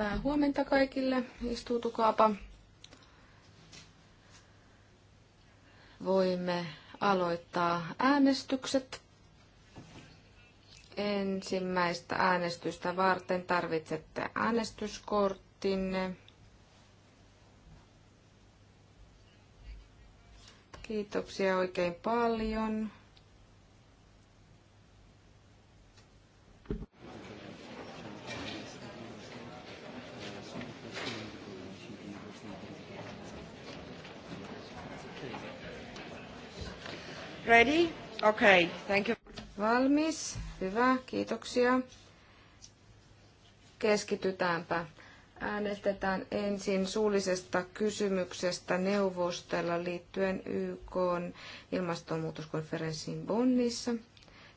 Hyvää huomenta kaikille. Istuutukaapa. Voimme aloittaa äänestykset. Ensimmäistä äänestystä varten tarvitsette äänestyskorttinne. Kiitoksia oikein paljon. Ready? Okay, thank you. Valmis. Hyvä, kiitoksia. Keskitytäänpä. Äänestetään ensin suullisesta kysymyksestä neuvostella liittyen YK ilmastonmuutoskonferenssiin Bonnissa.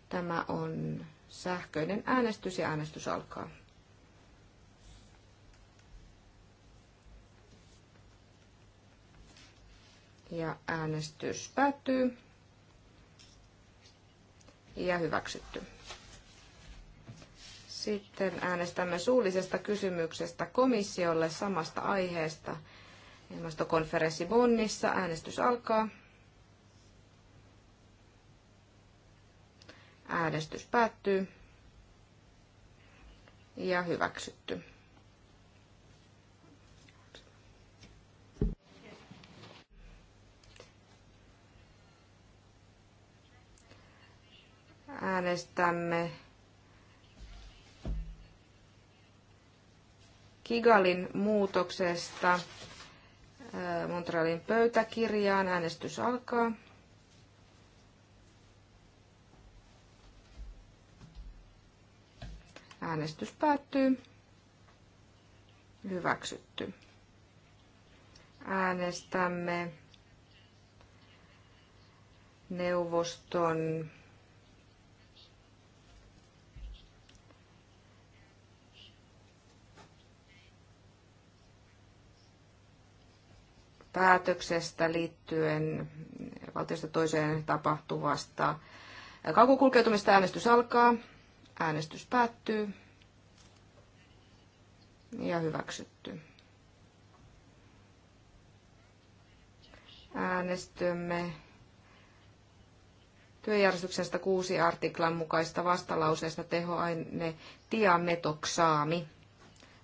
Tämä on sähköinen äänestys ja äänestys alkaa. Ja äänestys päättyy ja hyväksytty. Sitten äänestämme suullisesta kysymyksestä komissiolle samasta aiheesta. Ilmastokonferenssi Bonnissa. Äänestys alkaa. Äänestys päättyy. Ja hyväksytty. äänestämme Kigalin muutoksesta äh, Montrealin pöytäkirjaan. Äänestys alkaa. Äänestys päättyy. Hyväksytty. Äänestämme neuvoston päätöksestä liittyen valtiosta toiseen tapahtuvasta kaukokulkeutumista. Äänestys alkaa, äänestys päättyy ja hyväksytty. Äänestymme työjärjestyksen kuusi artiklan mukaista vastalauseesta tehoaine tiametoksaami.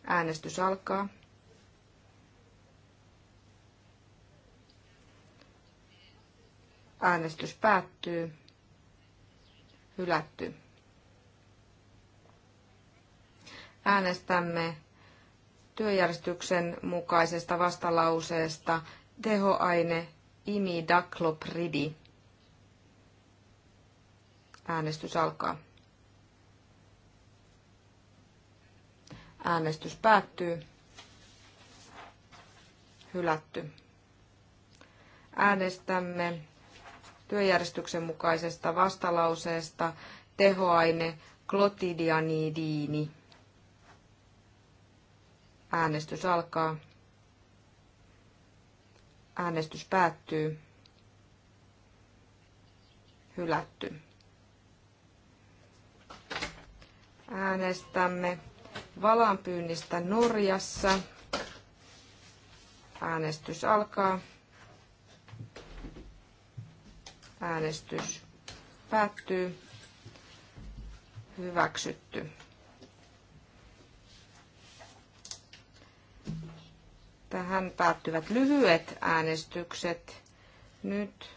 Äänestys alkaa. Äänestys päättyy. Hylätty. Äänestämme työjärjestyksen mukaisesta vastalauseesta tehoaine imidaklopridi. Äänestys alkaa. Äänestys päättyy. Hylätty. Äänestämme työjärjestyksen mukaisesta vastalauseesta tehoaine klotidianidiini. Äänestys alkaa. Äänestys päättyy. Hylätty. Äänestämme valanpyynnistä Norjassa. Äänestys alkaa. Äänestys päättyy. Hyväksytty. Tähän päättyvät lyhyet äänestykset. Nyt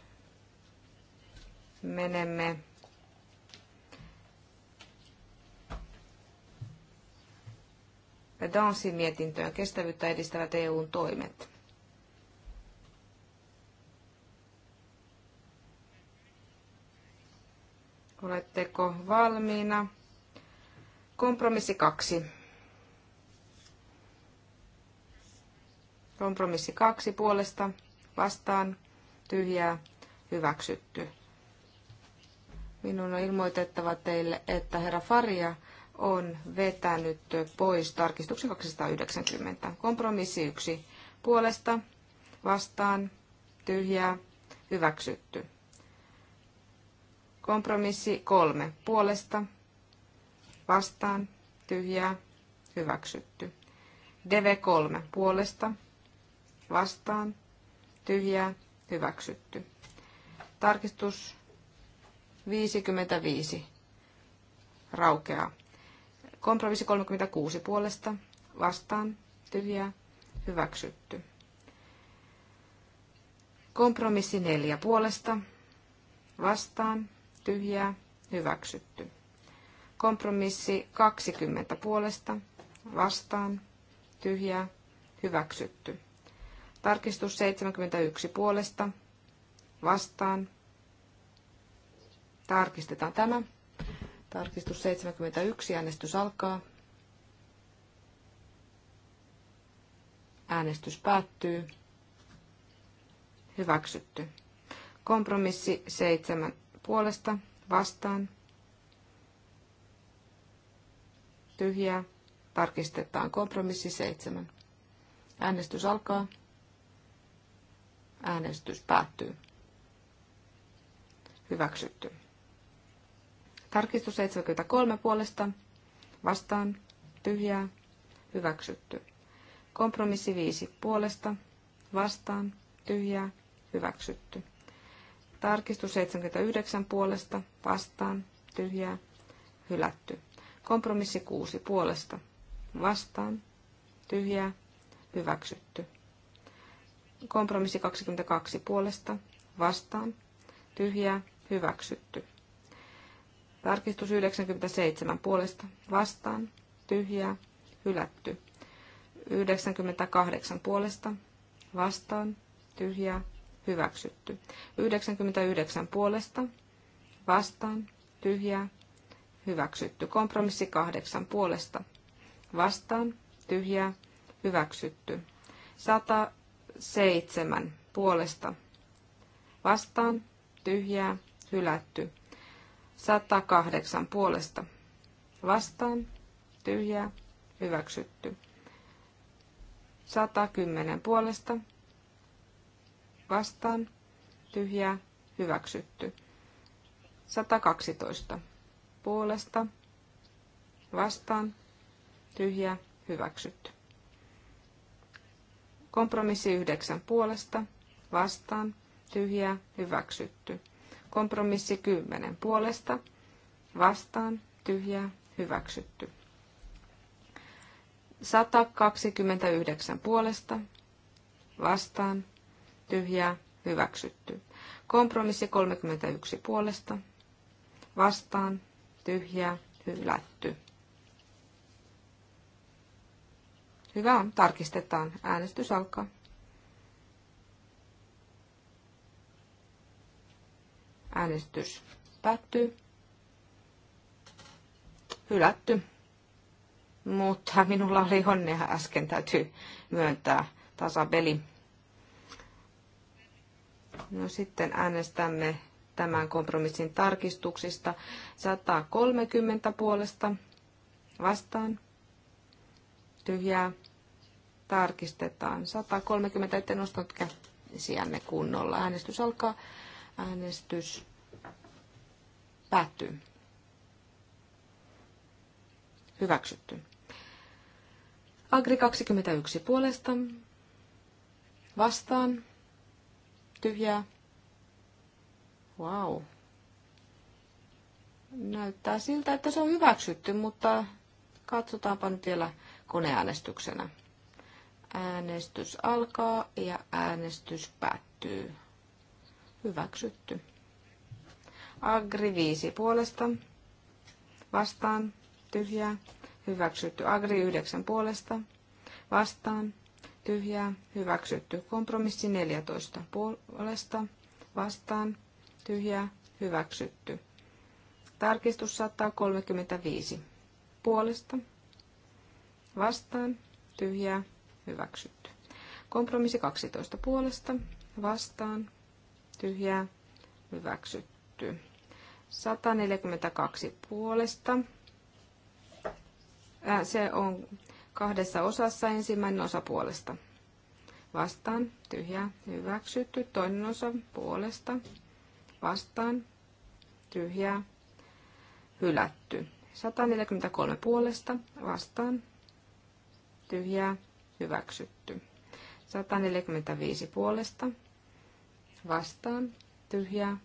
menemme Danssin mietintöön kestävyyttä edistävät EUn toimet. valmiina. Kompromissi kaksi. Kompromissi kaksi puolesta vastaan tyhjää hyväksytty. Minun on ilmoitettava teille, että herra Faria on vetänyt pois tarkistuksen 290. Kompromissi yksi puolesta vastaan tyhjää hyväksytty. Kompromissi kolme puolesta vastaan tyhjää hyväksytty. dv kolme puolesta vastaan tyhjää hyväksytty. Tarkistus 55 raukeaa. Kompromissi 36 puolesta vastaan tyhjää hyväksytty. Kompromissi 4 puolesta vastaan tyhjää, hyväksytty. Kompromissi 20 puolesta, vastaan, tyhjää, hyväksytty. Tarkistus 71 puolesta, vastaan, tarkistetaan tämä. Tarkistus 71, äänestys alkaa. Äänestys päättyy. Hyväksytty. Kompromissi 7, puolesta vastaan tyhjää. Tarkistetaan kompromissi 7. Äänestys alkaa. Äänestys päättyy. Hyväksytty. Tarkistus 73 puolesta. Vastaan. Tyhjää. Hyväksytty. Kompromissi 5 puolesta. Vastaan. Tyhjää. Hyväksytty. Tarkistus 79 puolesta vastaan tyhjää hylätty. Kompromissi 6 puolesta vastaan tyhjää hyväksytty. Kompromissi 22 puolesta vastaan tyhjää hyväksytty. Tarkistus 97 puolesta vastaan tyhjää hylätty. 98 puolesta vastaan tyhjää hyväksytty. 99 puolesta vastaan tyhjää hyväksytty. Kompromissi 8 puolesta vastaan tyhjää hyväksytty. 107 puolesta vastaan tyhjää hylätty. 108 puolesta vastaan tyhjää hyväksytty. 110 puolesta vastaan, tyhjä hyväksytty. 112 puolesta, vastaan, tyhjä hyväksytty. Kompromissi 9 puolesta, vastaan, tyhjä hyväksytty. Kompromissi 10 puolesta, vastaan, tyhjä hyväksytty. 129 puolesta, vastaan, tyhjää, hyväksytty. Kompromissi 31 puolesta, vastaan, tyhjää, hylätty. Hyvä on, tarkistetaan. Äänestys alkaa. Äänestys päättyy. Hylätty. Mutta minulla oli onnea äsken, täytyy myöntää tasapeli. No sitten äänestämme tämän kompromissin tarkistuksista 130 puolesta vastaan. Tyhjää tarkistetaan. 130, ette nostanut käsiämme kunnolla. Äänestys alkaa. Äänestys päättyy. Hyväksytty. Agri 21 puolesta. Vastaan tyhjää. Wow. Näyttää siltä, että se on hyväksytty, mutta katsotaanpa nyt vielä koneäänestyksenä. Äänestys alkaa ja äänestys päättyy. Hyväksytty. Agri 5 puolesta. Vastaan. Tyhjää. Hyväksytty. Agri 9 puolesta. Vastaan tyhjää, hyväksytty. Kompromissi 14 puolesta, vastaan, tyhjää, hyväksytty. Tarkistus 135 puolesta, vastaan, tyhjää, hyväksytty. Kompromissi 12 puolesta, vastaan, tyhjää, hyväksytty. 142 puolesta, se on kahdessa osassa ensimmäinen osa puolesta. Vastaan, tyhjä hyväksytty. Toinen osa puolesta, vastaan, tyhjä, hylätty. 143 puolesta, vastaan, tyhjä hyväksytty. 145 puolesta, vastaan, tyhjä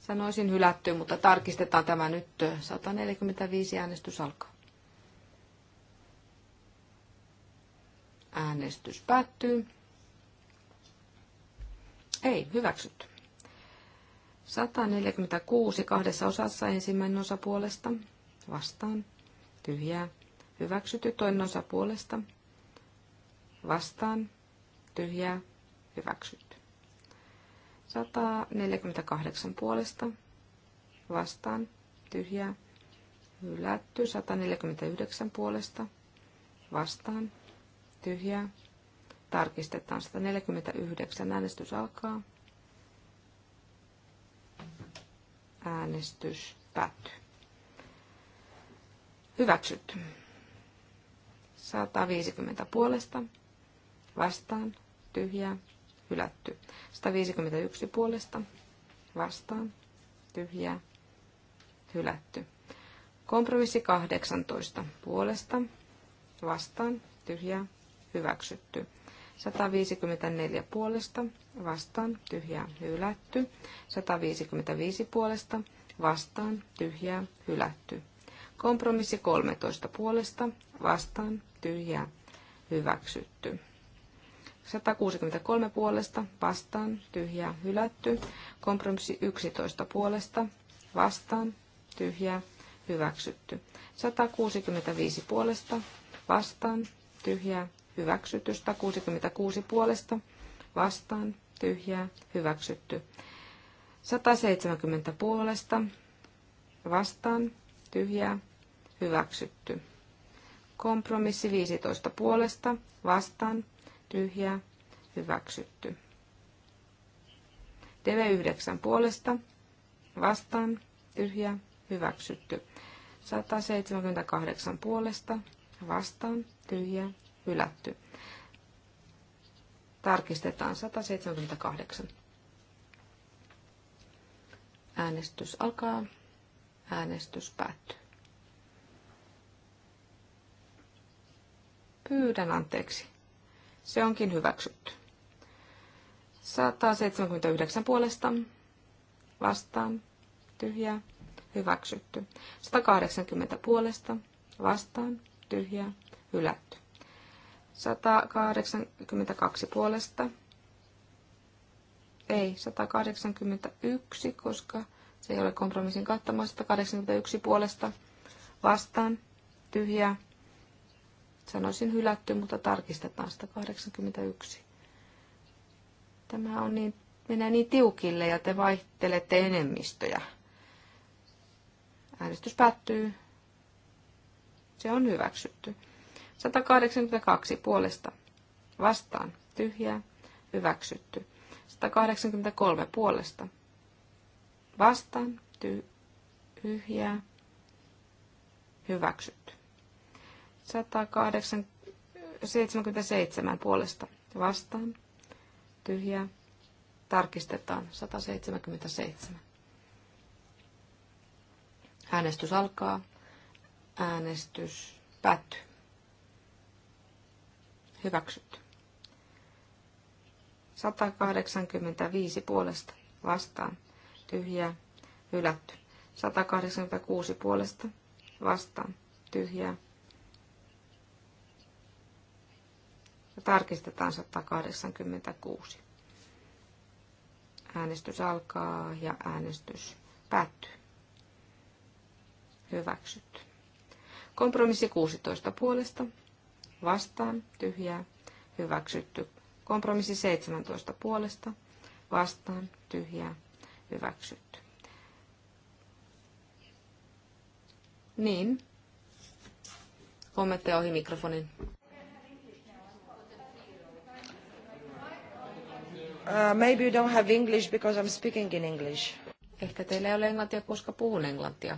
sanoisin hylätty, mutta tarkistetaan tämä nyt. 145 äänestys alkaa. Äänestys päättyy. Ei, hyväksytty. 146 kahdessa osassa ensimmäinen osa puolesta. Vastaan. Tyhjää. Hyväksytty toinen osa puolesta. Vastaan. Tyhjää. Hyväksytty. 148 puolesta. Vastaan. Tyhjää. Hylätty. 149 puolesta. Vastaan tyhjää. Tarkistetaan 149. Äänestys alkaa. Äänestys päättyy. Hyväksytty. 150 puolesta. Vastaan. Tyhjää. Hylätty. 151 puolesta. Vastaan. Tyhjää. Hylätty. Kompromissi 18 puolesta. Vastaan. Tyhjää hyväksytty. 154 puolesta vastaan tyhjää hylätty. 155 puolesta vastaan tyhjää hylätty. Kompromissi 13 puolesta vastaan tyhjää hyväksytty. 163 puolesta vastaan tyhjää hylätty. Kompromissi 11 puolesta vastaan tyhjää hyväksytty. 165 puolesta vastaan tyhjää hyväksytty. 166 puolesta vastaan tyhjää hyväksytty. 170 puolesta vastaan tyhjää hyväksytty. Kompromissi 15 puolesta vastaan tyhjää hyväksytty. TV9 puolesta vastaan tyhjää hyväksytty. 178 puolesta vastaan tyhjää hylätty. Tarkistetaan 178. Äänestys alkaa. Äänestys päättyy. Pyydän anteeksi. Se onkin hyväksytty. 179 puolesta vastaan tyhjää hyväksytty. 180 puolesta vastaan tyhjää hylätty. 182 puolesta. Ei, 181, koska se ei ole kompromissin kattamaa. 181 puolesta vastaan. tyhjä. Sanoisin hylätty, mutta tarkistetaan 181. Tämä on niin, menee niin tiukille ja te vaihtelette enemmistöjä. Äänestys päättyy. Se on hyväksytty. 182 puolesta vastaan tyhjää hyväksytty. 183 puolesta vastaan tyhjää hyväksytty. 177 puolesta vastaan tyhjää tarkistetaan 177. Äänestys alkaa. Äänestys päättyy. Hyväksytty. 185 puolesta vastaan. Tyhjää. Hylätty. 186 puolesta vastaan. Tyhjää. Ja tarkistetaan 186. Äänestys alkaa ja äänestys päättyy. Hyväksytty. Kompromissi 16 puolesta vastaan, tyhjää, hyväksytty. Kompromissi 17 puolesta, vastaan, tyhjää, hyväksytty. Niin. Kommentteja ohi mikrofonin. Uh, maybe you don't have English because I'm speaking in English. Ehkä teillä ei ole englantia, koska puhun englantia.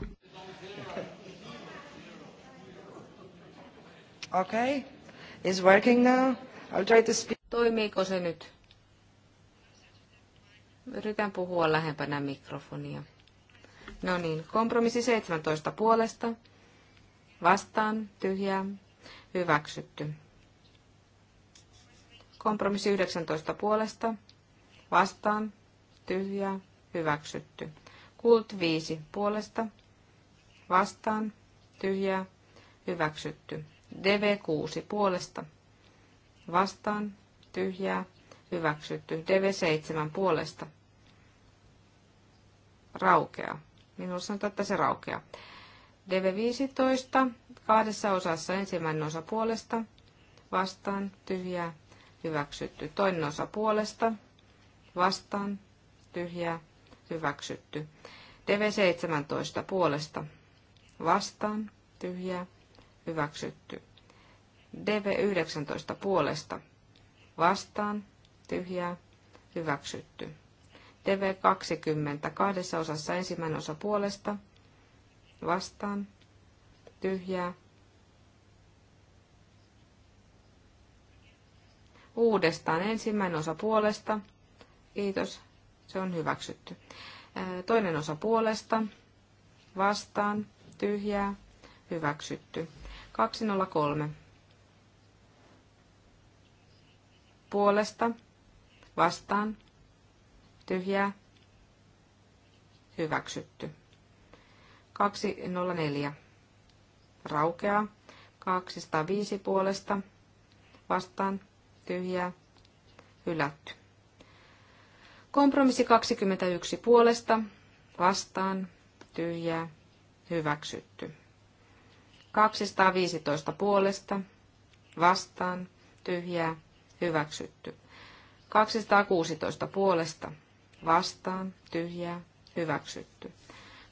Okay. Is working now? I'll try to speak. Toimiiko se nyt? Yritän puhua lähempänä mikrofonia. No niin, kompromissi 17 puolesta. Vastaan, tyhjää, hyväksytty. Kompromissi 19 puolesta. Vastaan, tyhjää, hyväksytty. Kult 5 puolesta. Vastaan, tyhjää, hyväksytty. DV6 puolesta vastaan tyhjää hyväksytty. DV7 puolesta raukea Minulla sanotaan, että se raukea. DV15 kahdessa osassa ensimmäinen osa puolesta vastaan tyhjää hyväksytty. Toinen osa puolesta vastaan tyhjää hyväksytty. DV17 puolesta vastaan tyhjää hyväksytty. DV19 puolesta vastaan, tyhjää, hyväksytty. DV20 kahdessa osassa ensimmäinen osa puolesta, vastaan, tyhjää. Uudestaan ensimmäinen osa puolesta, kiitos, se on hyväksytty. Toinen osa puolesta, vastaan, tyhjää, hyväksytty. 203. Puolesta, vastaan, tyhjää, hyväksytty. 204. Raukeaa. 205 puolesta, vastaan, tyhjää, hylätty. Kompromissi 21 puolesta, vastaan, tyhjää, hyväksytty. 215 puolesta, vastaan, tyhjää, hyväksytty. 216 puolesta, vastaan, tyhjää, hyväksytty.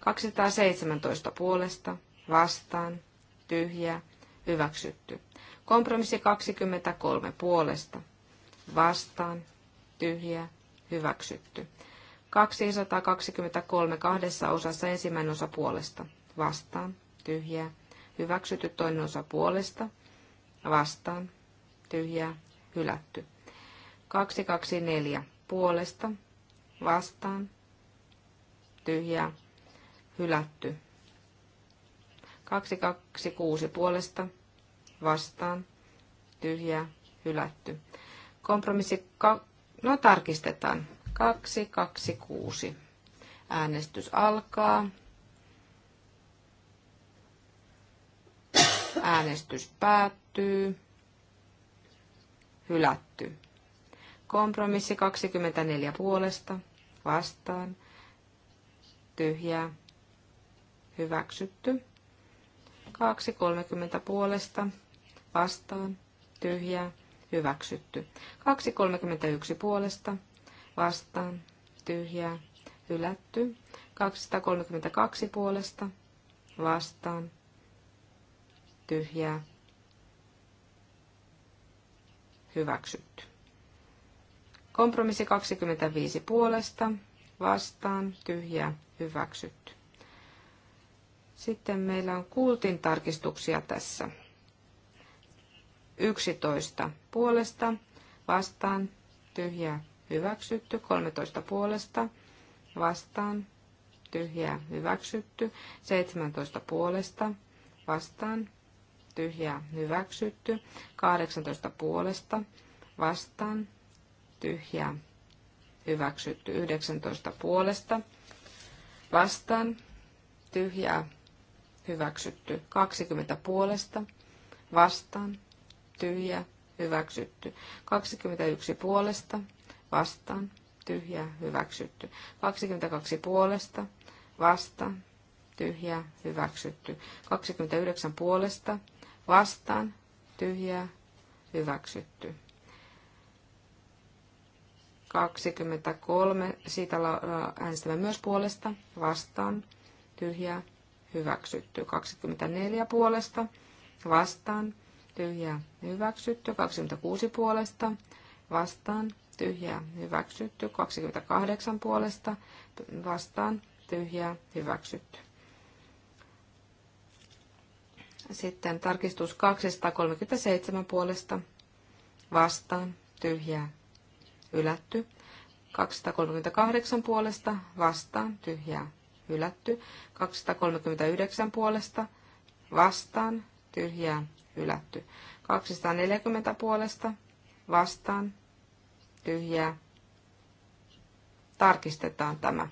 217 puolesta, vastaan, tyhjää, hyväksytty. Kompromissi 23 puolesta, vastaan, tyhjää, hyväksytty. 223 kahdessa osassa ensimmäinen osa puolesta, vastaan, tyhjää, hyväksytty, toinen osa puolesta, vastaan, tyhjää, hylätty. 224 puolesta, vastaan, tyhjää, hylätty. 226 puolesta, vastaan, tyhjää, hylätty. Kompromissi, no tarkistetaan, 226. Äänestys alkaa. Äänestys päättyy. Hylätty. Kompromissi 24 puolesta. Vastaan. Tyhjää. Hyväksytty. 2.30 puolesta. Vastaan. Tyhjää. Hyväksytty. 2.31 puolesta. Vastaan. Tyhjää. Hylätty. 232 puolesta. Vastaan tyhjää, hyväksytty. Kompromissi 25 puolesta, vastaan, tyhjää, hyväksytty. Sitten meillä on kuultin tarkistuksia tässä. 11 puolesta, vastaan, tyhjää, hyväksytty. 13 puolesta, vastaan, tyhjää, hyväksytty. 17 puolesta, vastaan, tyhjää hyväksytty. 18 puolesta vastaan tyhjää hyväksytty. 19 puolesta vastaan tyhjää hyväksytty. 20 puolesta vastaan tyhjää hyväksytty. 21 puolesta vastaan tyhjää hyväksytty. 22 puolesta vastaan tyhjää, hyväksytty. 29 puolesta, vastaan, tyhjää, hyväksytty. 23, siitä äänestämme myös puolesta, vastaan, tyhjää, hyväksytty. 24 puolesta, vastaan, tyhjää, hyväksytty. 26 puolesta, vastaan, tyhjää, hyväksytty. 28 puolesta, vastaan, tyhjää, hyväksytty. Sitten tarkistus 237 puolesta vastaan tyhjää ylätty 238 puolesta vastaan tyhjää ylätty 239 puolesta vastaan tyhjää ylätty 240 puolesta vastaan tyhjää. Tarkistetaan tämä.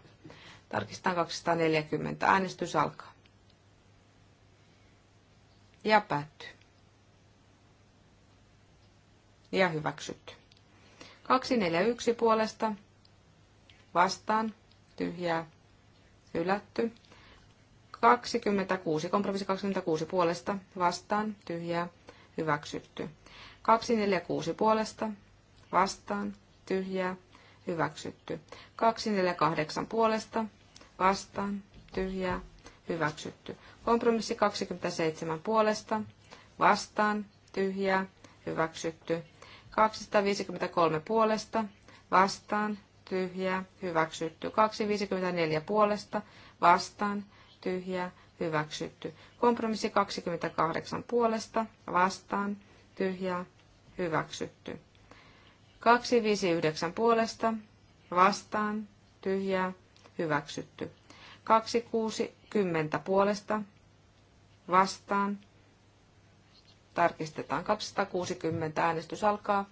Tarkistetaan 240. Äänestys alkaa ja päättyy. Ja hyväksytty. 241 puolesta vastaan tyhjää hylätty. 26, kompromissi 26 puolesta vastaan tyhjää hyväksytty. 246 puolesta vastaan tyhjää hyväksytty. 248 puolesta vastaan tyhjää hyväksytty. Kompromissi 27 puolesta, vastaan, tyhjää, hyväksytty. 253 puolesta, vastaan, tyhjää, hyväksytty. 254 puolesta, vastaan, tyhjää, hyväksytty. Kompromissi 28 puolesta, vastaan, tyhjää, hyväksytty. 259 puolesta, vastaan, tyhjää, hyväksytty. 260 puolesta vastaan. Tarkistetaan 260. Äänestys alkaa.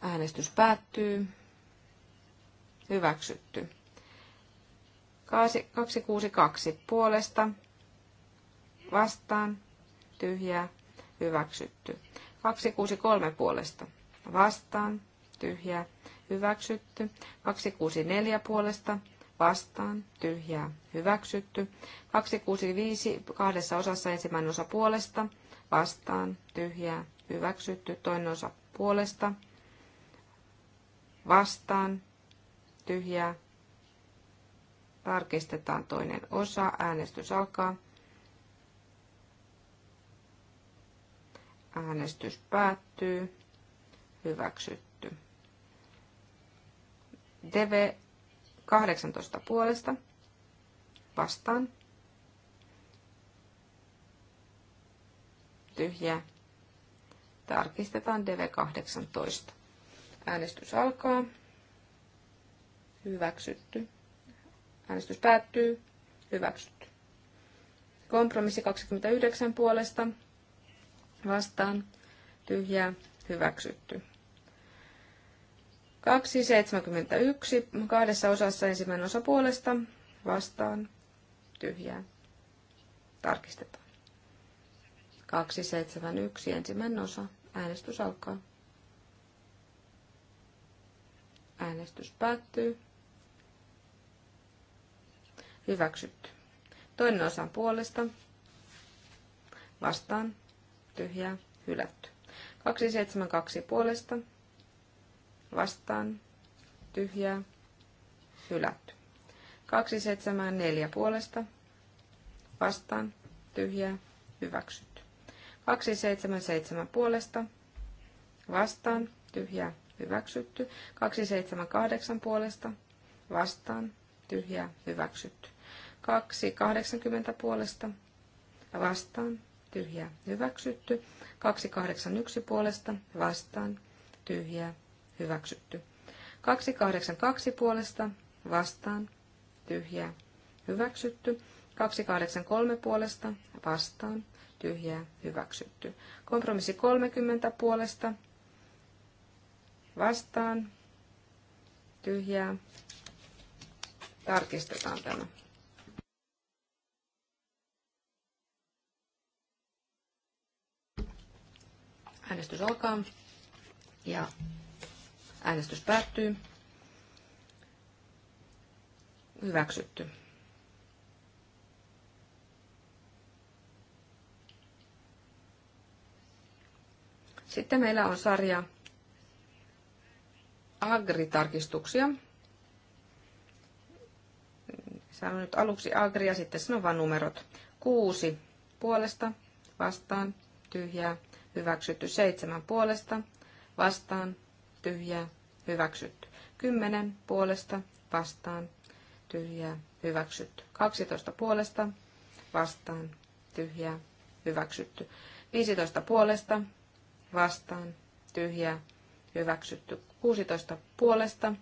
Äänestys päättyy. Hyväksytty. 262 puolesta vastaan. Tyhjää. Hyväksytty. 263 puolesta vastaan. Tyhjää hyväksytty. 264 puolesta vastaan, tyhjää, hyväksytty. 265 kahdessa osassa ensimmäinen osa puolesta, vastaan, tyhjää, hyväksytty. Toinen osa puolesta, vastaan, tyhjää. Tarkistetaan toinen osa, äänestys alkaa. Äänestys päättyy, hyväksytty. DV 18 puolesta vastaan. Tyhjää. Tarkistetaan DV 18. Äänestys alkaa. Hyväksytty. Äänestys päättyy. Hyväksytty. Kompromissi 29 puolesta vastaan. Tyhjää. Hyväksytty. 271, kahdessa osassa ensimmäinen osa puolesta, vastaan, tyhjää, tarkistetaan. 271, ensimmäinen osa, äänestys alkaa. Äänestys päättyy. Hyväksytty. Toinen osa puolesta, vastaan, tyhjää, hylätty. 272 puolesta, vastaan, tyhjää, hylätty. 274 puolesta, vastaan, tyhjää, hyväksytty. 277 puolesta, vastaan, tyhjää, hyväksytty. 278 puolesta, vastaan, tyhjää, hyväksytty. 280 puolesta, vastaan, tyhjää, hyväksytty. 281 puolesta, vastaan, tyhjää, hyväksytty. 282 puolesta vastaan tyhjää hyväksytty. 283 puolesta vastaan tyhjää hyväksytty. Kompromissi 30 puolesta vastaan tyhjää. Tarkistetaan tämä. Äänestys alkaa ja Äänestys päättyy. Hyväksytty. Sitten meillä on sarja agritarkistuksia. Sanon nyt aluksi agri ja sitten sanon vain numerot. Kuusi puolesta, vastaan, tyhjää, hyväksytty. Seitsemän puolesta, vastaan, tyhjää, hyväksytty. 10 puolesta, vastaan, tyhjää, hyväksytty. 12 puolesta, vastaan, tyhjää, hyväksytty. 15 puolesta, vastaan, tyhjää, hyväksytty. 16 puolesta,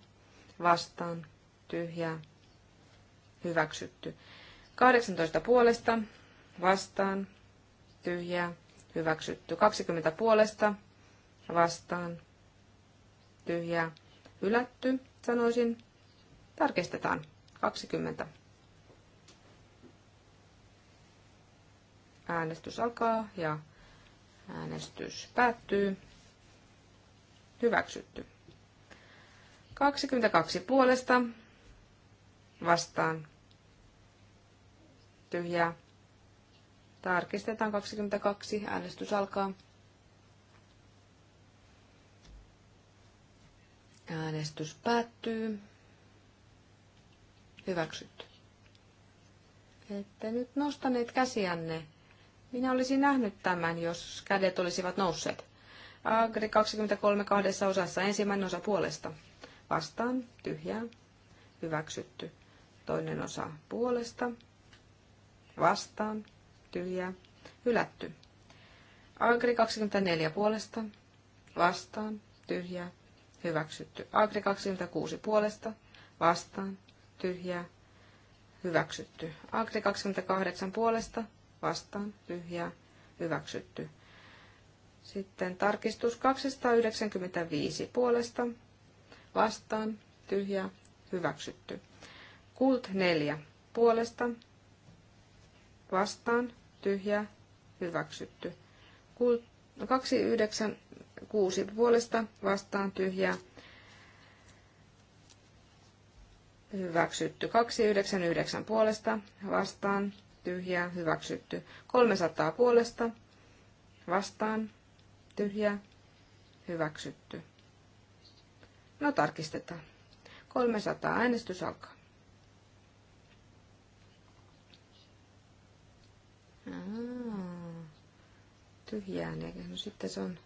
vastaan, tyhjää, hyväksytty. 18 puolesta, vastaan, tyhjää, hyväksytty. 20 puolesta, vastaan, tyhjää hylätty, sanoisin. Tarkistetaan. 20. Äänestys alkaa ja äänestys päättyy. Hyväksytty. 22 puolesta vastaan tyhjää. Tarkistetaan 22. Äänestys alkaa. Äänestys päättyy. Hyväksytty. Ette nyt nostaneet käsiänne. Minä olisin nähnyt tämän, jos kädet olisivat nousseet. Agri 23 kahdessa osassa ensimmäinen osa puolesta. Vastaan, tyhjää, hyväksytty. Toinen osa puolesta, vastaan, tyhjää, hylätty. Agri 24 puolesta, vastaan, tyhjää, hyväksytty. Agri 26 puolesta, vastaan, tyhjää, hyväksytty. Agri 28 puolesta, vastaan, tyhjää, hyväksytty. Sitten tarkistus 295 puolesta, vastaan, tyhjää, hyväksytty. Kult 4 puolesta, vastaan, tyhjää, hyväksytty. Kult 29 no, kuusi puolesta vastaan tyhjää. Hyväksytty. 299 puolesta vastaan tyhjää. Hyväksytty. 300 puolesta vastaan tyhjää. Hyväksytty. No tarkistetaan. 300 äänestys alkaa. tyhjää No sitten se on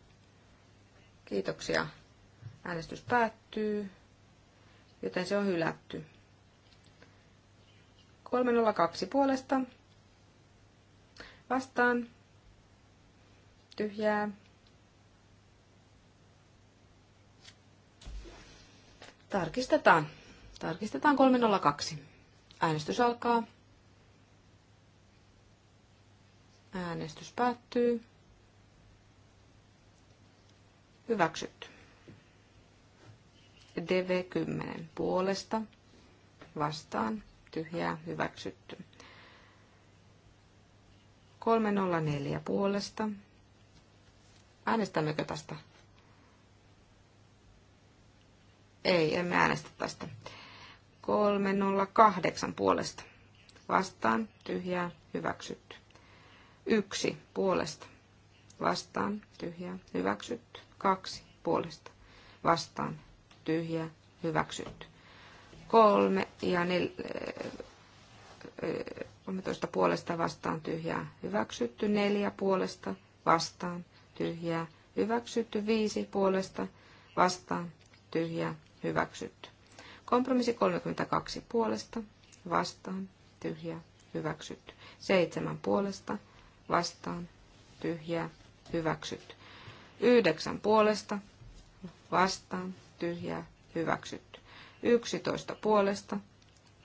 Kiitoksia. Äänestys päättyy, joten se on hylätty. 302 puolesta. Vastaan. Tyhjää. Tarkistetaan. Tarkistetaan 302. Äänestys alkaa. Äänestys päättyy. Hyväksytty. DV10 puolesta vastaan tyhjää hyväksytty. 304 puolesta. Äänestämmekö tästä? Ei, emme äänestä tästä. 308 puolesta. Vastaan tyhjää hyväksytty. Yksi puolesta vastaan, tyhjä, hyväksytty. Kaksi puolesta, vastaan, tyhjä, hyväksytty. Kolme ja nel, äh, 13 puolesta vastaan, tyhjää, hyväksytty. Neljä puolesta, vastaan, tyhjää, hyväksytty. Viisi puolesta, vastaan, tyhjää, hyväksytty. Kompromissi 32 puolesta, vastaan, tyhjää, hyväksytty. Seitsemän puolesta, vastaan, tyhjää, hyväksytty. Yhdeksän puolesta, vastaan, tyhjää, hyväksytty. Yksitoista puolesta,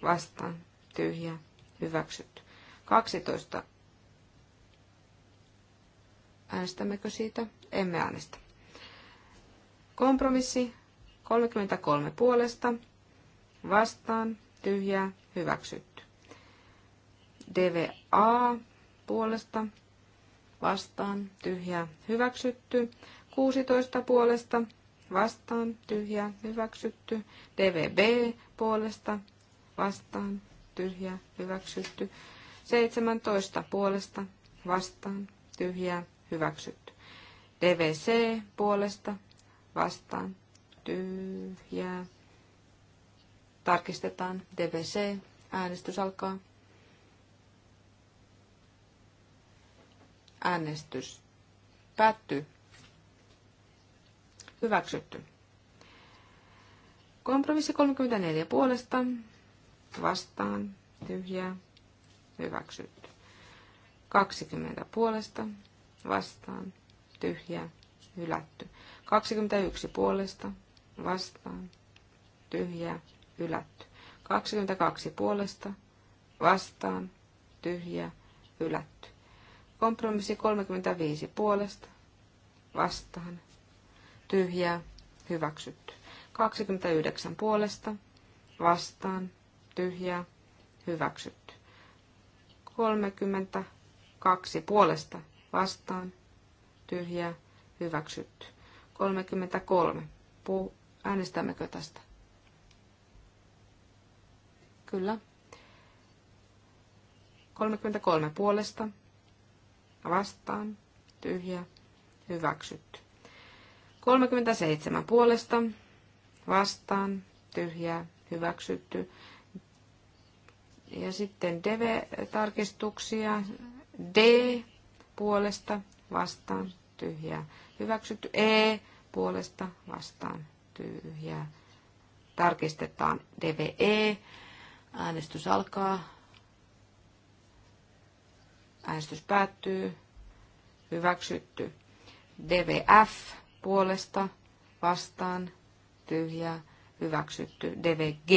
vastaan, tyhjää, hyväksytty. Kaksitoista Äänestämmekö siitä? Emme äänestä. Kompromissi 33 puolesta, vastaan, tyhjää, hyväksytty. DVA puolesta, vastaan tyhjä hyväksytty. 16 puolesta vastaan tyhjä hyväksytty. DVB puolesta vastaan tyhjä hyväksytty. 17 puolesta vastaan tyhjä hyväksytty. DVC puolesta vastaan tyhjä Tarkistetaan DVC. Äänestys alkaa. Äänestys päättyy. Hyväksytty. Kompromissi 34 puolesta. Vastaan. Tyhjää. Hyväksytty. 20 puolesta. Vastaan. Tyhjää. Hylätty. 21 puolesta. Vastaan. Tyhjää. Hylätty. 22 puolesta. Vastaan. Tyhjää. Hylätty. Kompromissi 35 puolesta vastaan. Tyhjää hyväksytty. 29 puolesta vastaan. Tyhjää hyväksytty. 32 puolesta vastaan. Tyhjää hyväksytty. 33. Puu, äänestämmekö tästä? Kyllä. 33 puolesta vastaan, tyhjä, hyväksytty. 37 puolesta, vastaan, tyhjä, hyväksytty. Ja sitten DV-tarkistuksia, D puolesta, vastaan, tyhjä, hyväksytty. E puolesta, vastaan, tyhjä. Tarkistetaan DVE. Äänestys alkaa. Äänestys päättyy. Hyväksytty. DVF puolesta vastaan tyhjää hyväksytty. DVG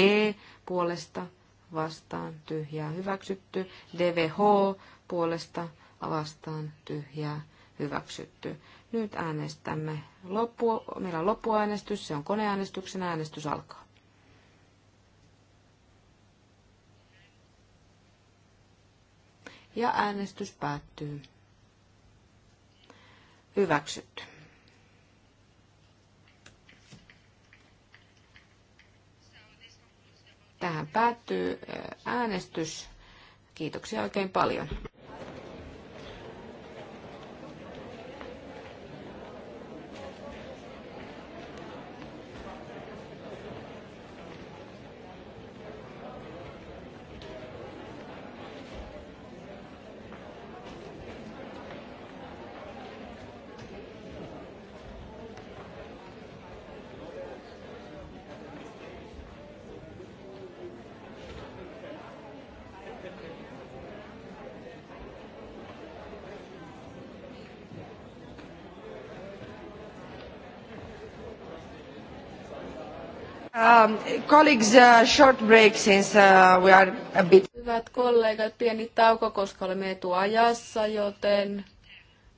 puolesta vastaan tyhjää hyväksytty. DVH puolesta vastaan tyhjää hyväksytty. Nyt äänestämme loppu, meillä on loppuäänestys, se on koneäänestyksen äänestys alkaa. Ja äänestys päättyy. Hyväksytty. Tähän päättyy äänestys. Kiitoksia oikein paljon. Um, colleagues, uh, short break since uh, we are a bit... Hyvät kollegat, pieni tauko, koska olemme etuajassa, joten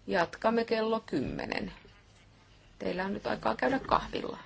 jatkamme kello 10. Teillä on nyt aikaa käydä kahvilla.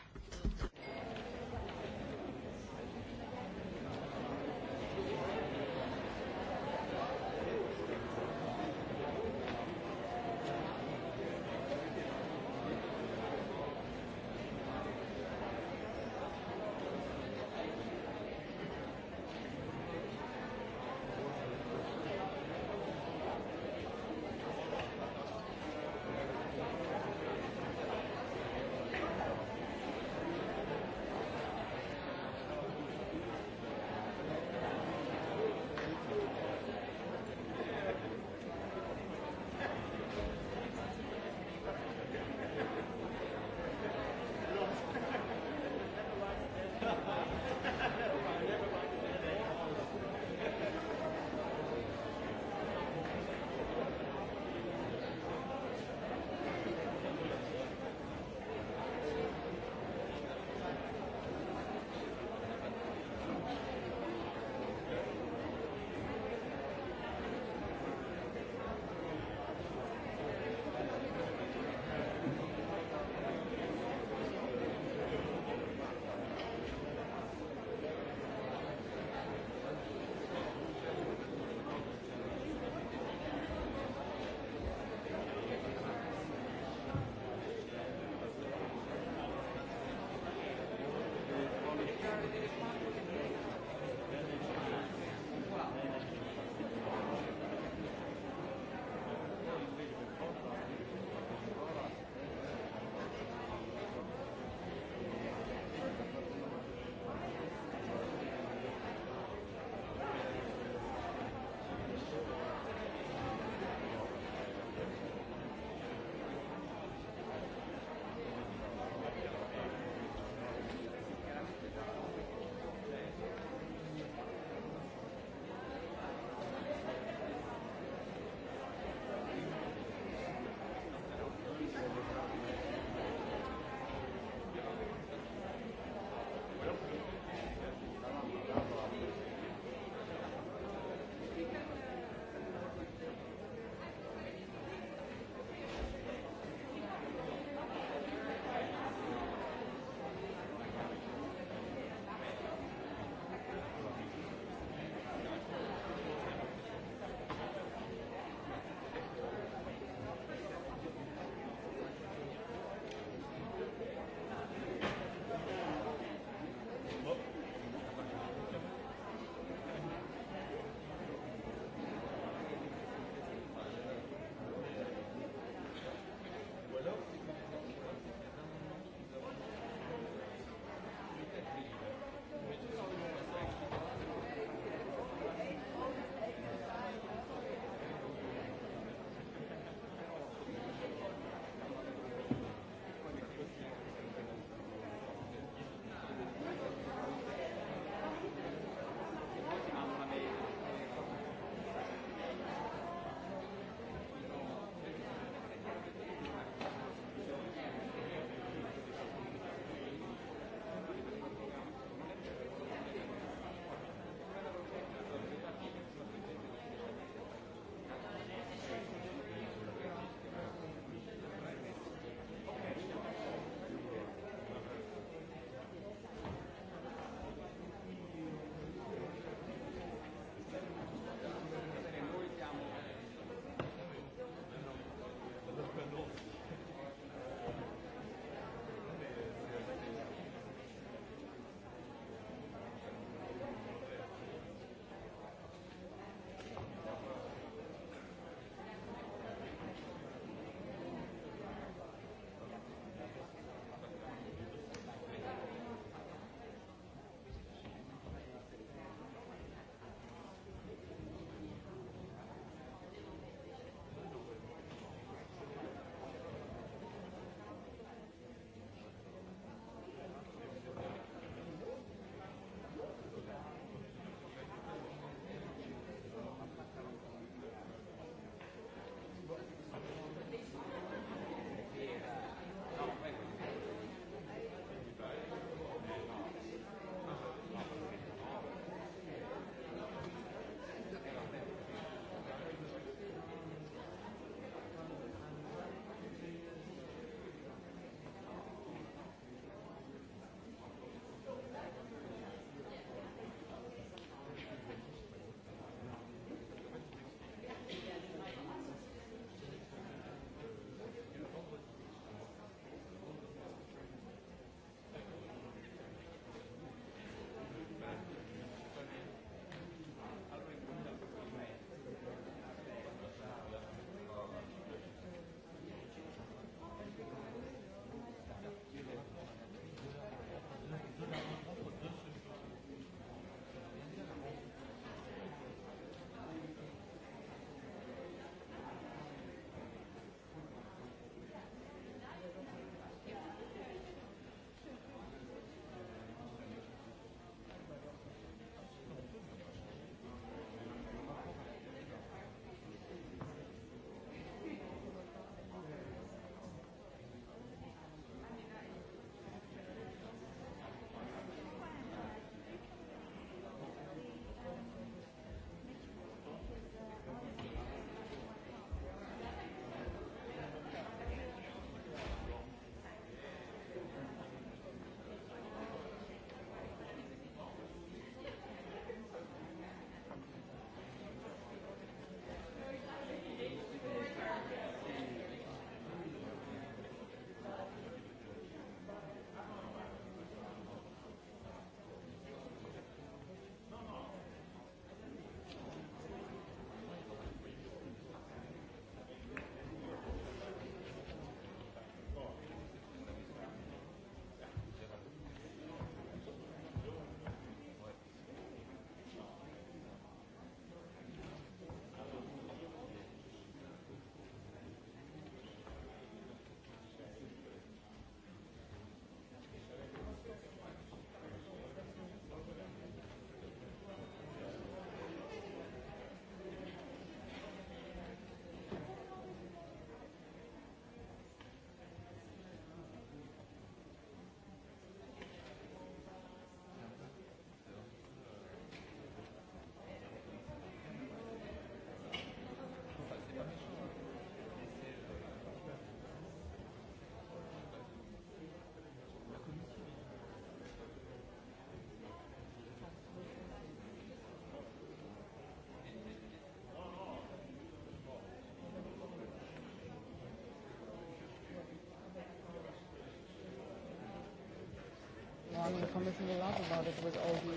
mean, the commission will laugh about it with all the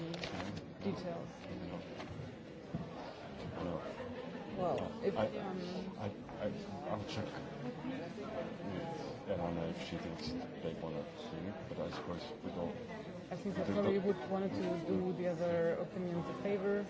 details. Well, if I, um, I, I, I'll check. I don't know if she thinks they want to see it, but I suppose we don't. I think we probably would want to do the other opinions a favor.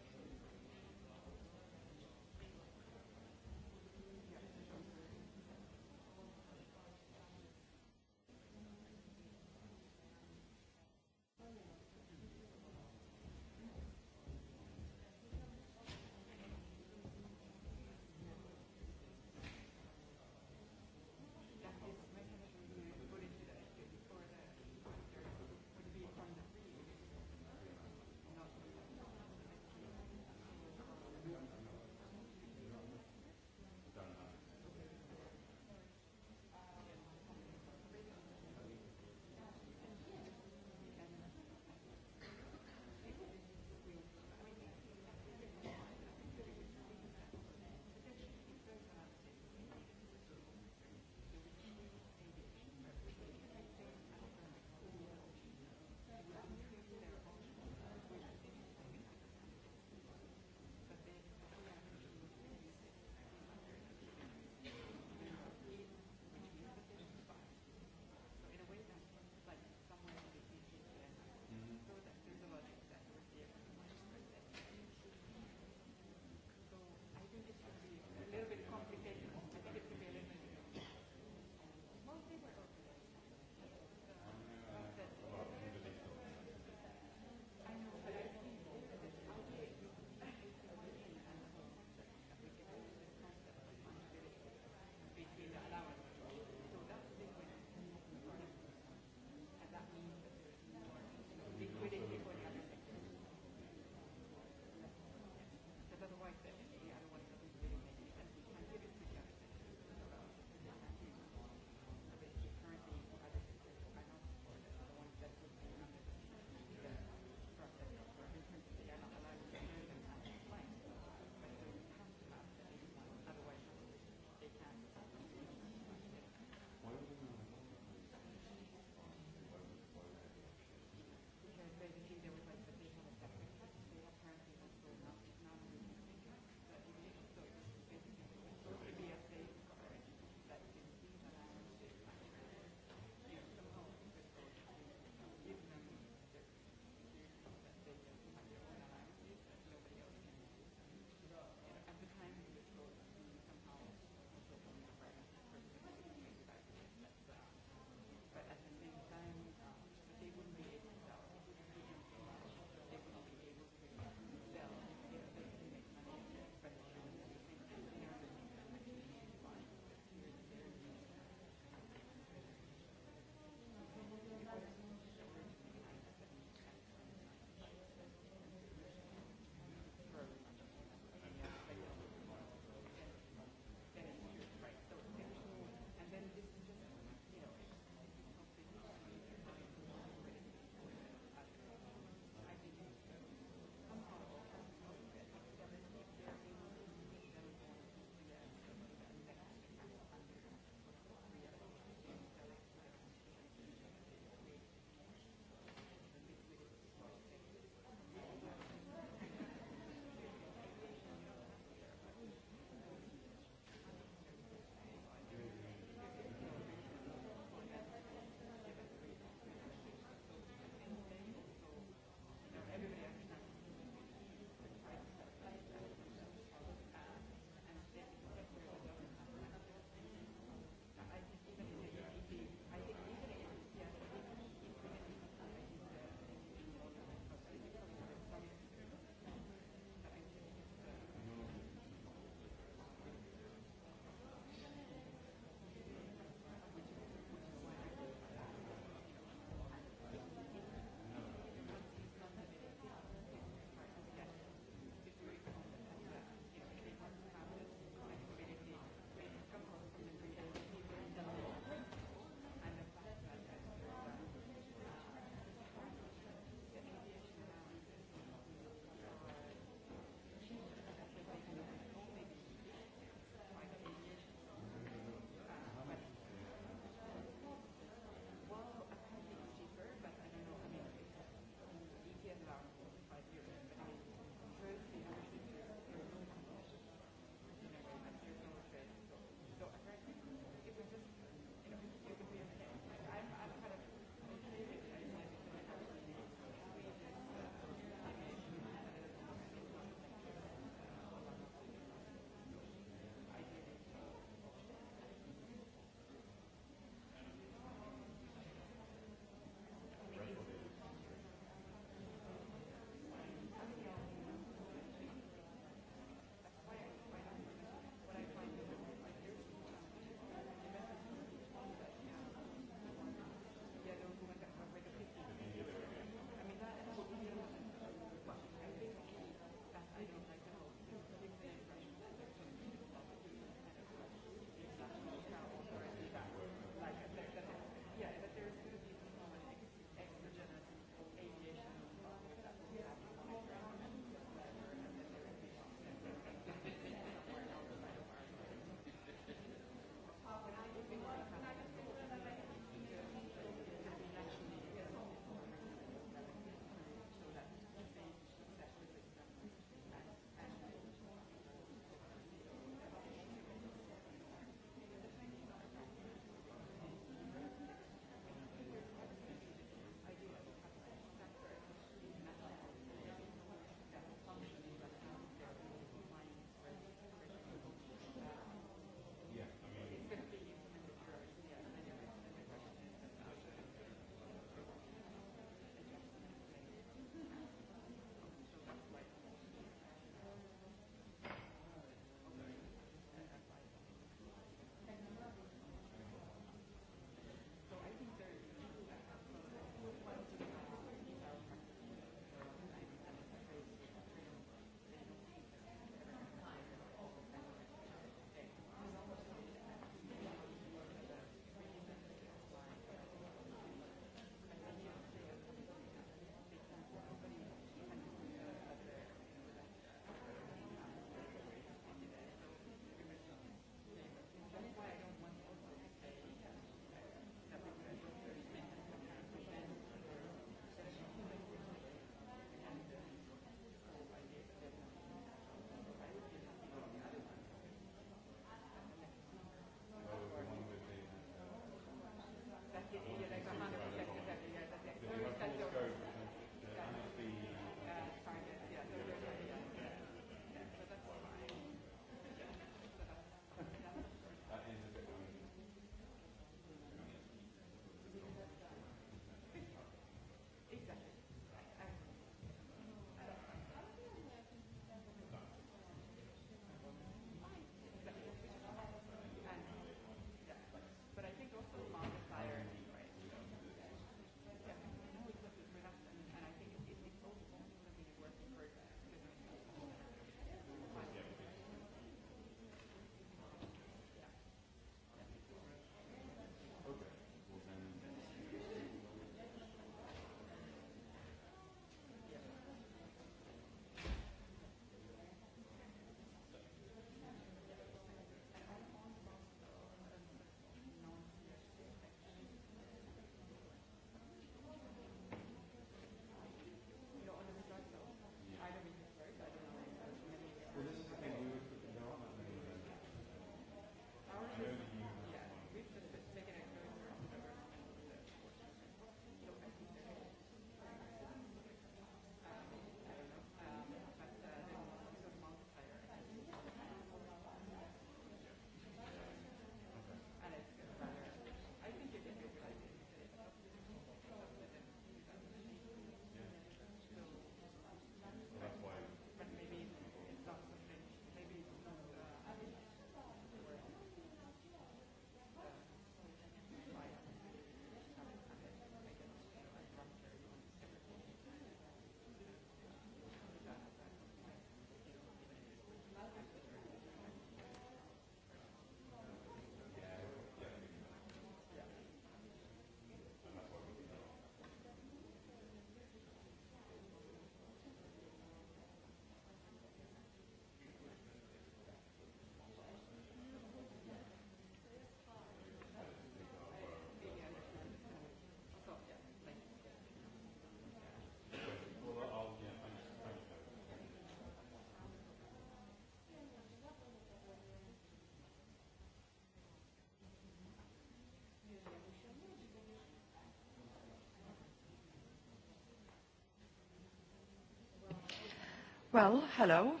Well, hello.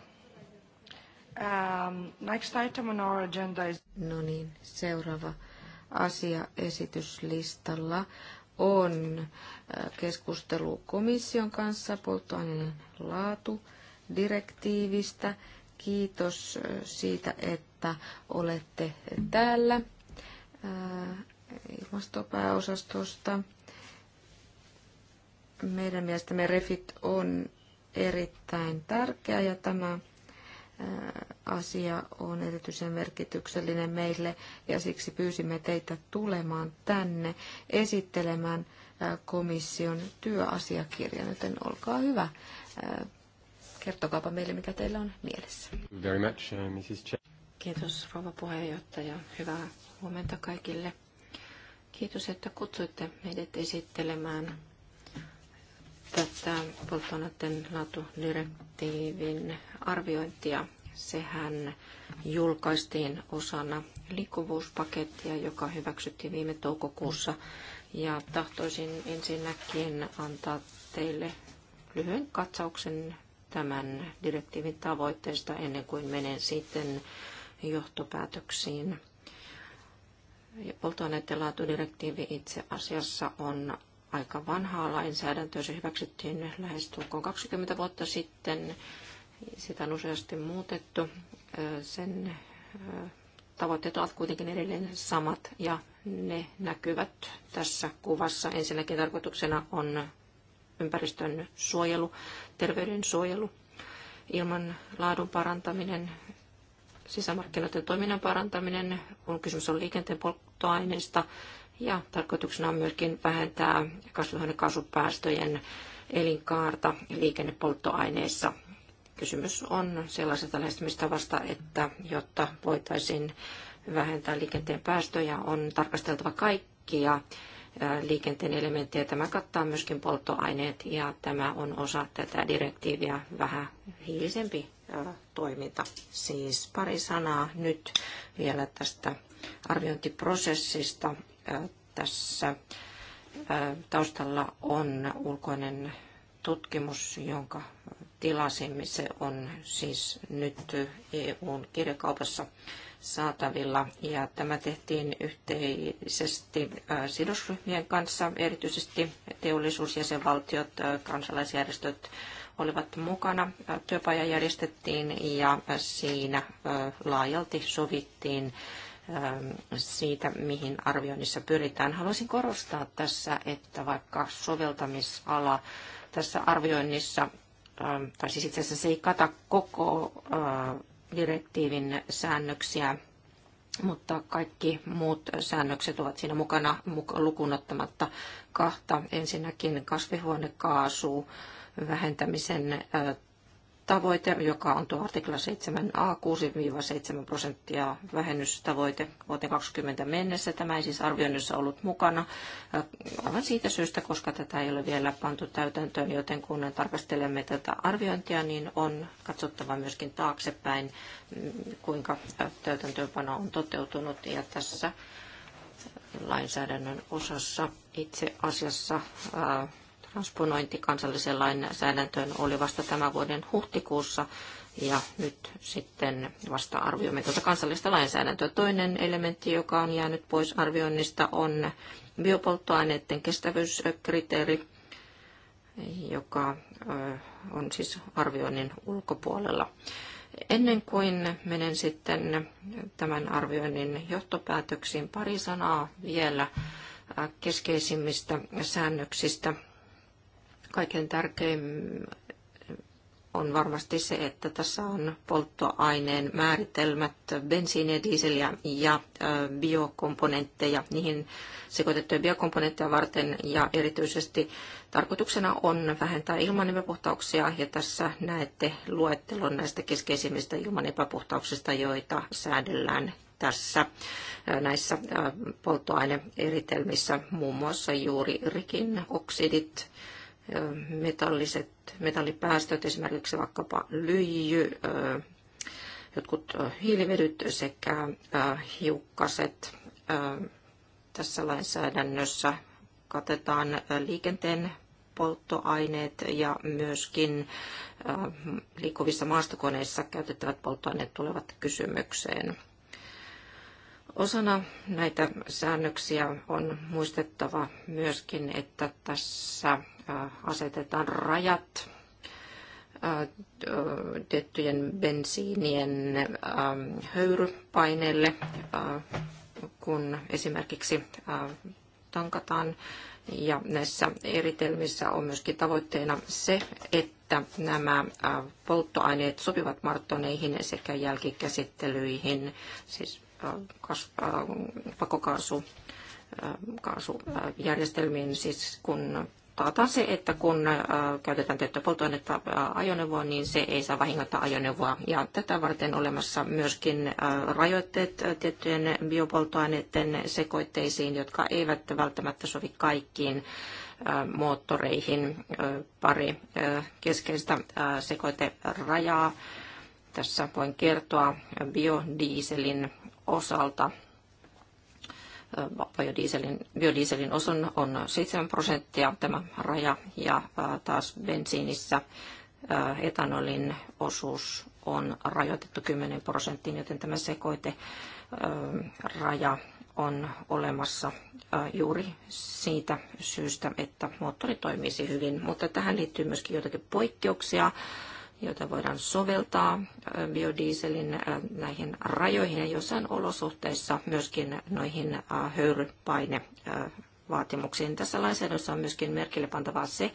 Um, next item on our agenda is... No niin, seuraava asia esityslistalla on äh, keskustelu komission kanssa polttoaineen laatudirektiivistä. Kiitos äh, siitä, että olette täällä äh, ilmastopääosastosta. Meidän mielestämme REFIT on erittäin tärkeä ja tämä asia on erityisen merkityksellinen meille ja siksi pyysimme teitä tulemaan tänne esittelemään komission työasiakirjan, joten olkaa hyvä. Kertokaapa meille, mitä teillä on mielessä. Very much, uh, Mrs. Ch- Kiitos rouva puheenjohtaja. Hyvää huomenta kaikille. Kiitos, että kutsuitte meidät esittelemään tätä polttoaineiden laatudirektiivin arviointia. Sehän julkaistiin osana liikkuvuuspakettia, joka hyväksyttiin viime toukokuussa. Ja tahtoisin ensinnäkin antaa teille lyhyen katsauksen tämän direktiivin tavoitteista ennen kuin menen sitten johtopäätöksiin. Polttoaineiden laatudirektiivi itse asiassa on aika vanhaa lainsäädäntöä. Se hyväksyttiin lähestulkoon 20 vuotta sitten. Sitä on useasti muutettu. Sen tavoitteet ovat kuitenkin edelleen samat ja ne näkyvät tässä kuvassa. Ensinnäkin tarkoituksena on ympäristön suojelu, terveyden suojelu, ilman laadun parantaminen, sisämarkkinoiden toiminnan parantaminen, kun kysymys on liikenteen polttoaineista, ja tarkoituksena on myöskin vähentää kasvihuonekaasupäästöjen elinkaarta liikennepolttoaineissa. Kysymys on sellaisesta lähestymistavasta, että jotta voitaisiin vähentää liikenteen päästöjä, on tarkasteltava kaikkia liikenteen elementtejä. Tämä kattaa myöskin polttoaineet ja tämä on osa tätä direktiiviä vähän hiilisempi toiminta. Siis pari sanaa nyt vielä tästä arviointiprosessista tässä taustalla on ulkoinen tutkimus, jonka tilasimme. Se on siis nyt EUn kirjakaupassa saatavilla. Ja tämä tehtiin yhteisesti sidosryhmien kanssa, erityisesti teollisuusjäsenvaltiot, kansalaisjärjestöt olivat mukana. Työpaja järjestettiin ja siinä laajalti sovittiin Ähm, siitä, mihin arvioinnissa pyritään. Haluaisin korostaa tässä, että vaikka soveltamisala tässä arvioinnissa, ähm, tai siis itse asiassa se ei kata koko äh, direktiivin säännöksiä, mutta kaikki muut säännökset ovat siinä mukana lukunottamatta kahta. Ensinnäkin kasvihuonekaasu vähentämisen äh, tavoite, joka on tuo artikla 7a, 6-7 prosenttia vähennystavoite vuoteen 2020 mennessä. Tämä ei siis arvioinnissa ollut mukana äh, aivan siitä syystä, koska tätä ei ole vielä pantu täytäntöön, joten kun tarkastelemme tätä arviointia, niin on katsottava myöskin taaksepäin, mm, kuinka äh, täytäntöönpano on toteutunut. Ja tässä lainsäädännön osassa itse asiassa äh, transponointi kansalliseen lainsäädäntöön oli vasta tämän vuoden huhtikuussa ja nyt sitten vasta arvioimme tuota kansallista lainsäädäntöä. Toinen elementti, joka on jäänyt pois arvioinnista, on biopolttoaineiden kestävyyskriteeri, joka on siis arvioinnin ulkopuolella. Ennen kuin menen sitten tämän arvioinnin johtopäätöksiin, pari sanaa vielä keskeisimmistä säännöksistä Kaiken tärkein on varmasti se, että tässä on polttoaineen määritelmät, bensiiniä, dieseliä ja biokomponentteja, niihin sekoitettuja biokomponentteja varten ja erityisesti tarkoituksena on vähentää ilman epäpuhtauksia ja tässä näette luettelon näistä keskeisimmistä ilman epäpuhtauksista, joita säädellään tässä näissä polttoaineeritelmissä muun muassa juuri rikin oksidit, metalliset, metallipäästöt, esimerkiksi vaikkapa lyijy, jotkut hiilivedyt sekä hiukkaset. Tässä lainsäädännössä katetaan liikenteen polttoaineet ja myöskin liikkuvissa maastokoneissa käytettävät polttoaineet tulevat kysymykseen. Osana näitä säännöksiä on muistettava myöskin, että tässä asetetaan rajat tiettyjen bensiinien höyrypaineelle, kun esimerkiksi tankataan. Ja näissä eritelmissä on myöskin tavoitteena se, että nämä polttoaineet sopivat marttoneihin sekä jälkikäsittelyihin, siis pakokaasu kaasujärjestelmiin, siis kun taataan se, että kun käytetään tiettyä polttoainetta ajoneuvoa, niin se ei saa vahingoittaa ajoneuvoa. Ja tätä varten olemassa myöskin rajoitteet tiettyjen biopolttoaineiden sekoitteisiin, jotka eivät välttämättä sovi kaikkiin moottoreihin. Pari keskeistä sekoiterajaa. Tässä voin kertoa biodieselin osalta. Biodieselin, biodieselin osun on 7 prosenttia tämä raja ja taas bensiinissä etanolin osuus on rajoitettu 10 prosenttiin, joten tämä sekoite raja on olemassa juuri siitä syystä, että moottori toimisi hyvin. Mutta tähän liittyy myöskin joitakin poikkeuksia joita voidaan soveltaa biodieselin näihin rajoihin ja jossain olosuhteissa myöskin noihin höyrypaine vaatimuksiin. Tässä lainsäädännössä on myöskin merkille pantavaa se,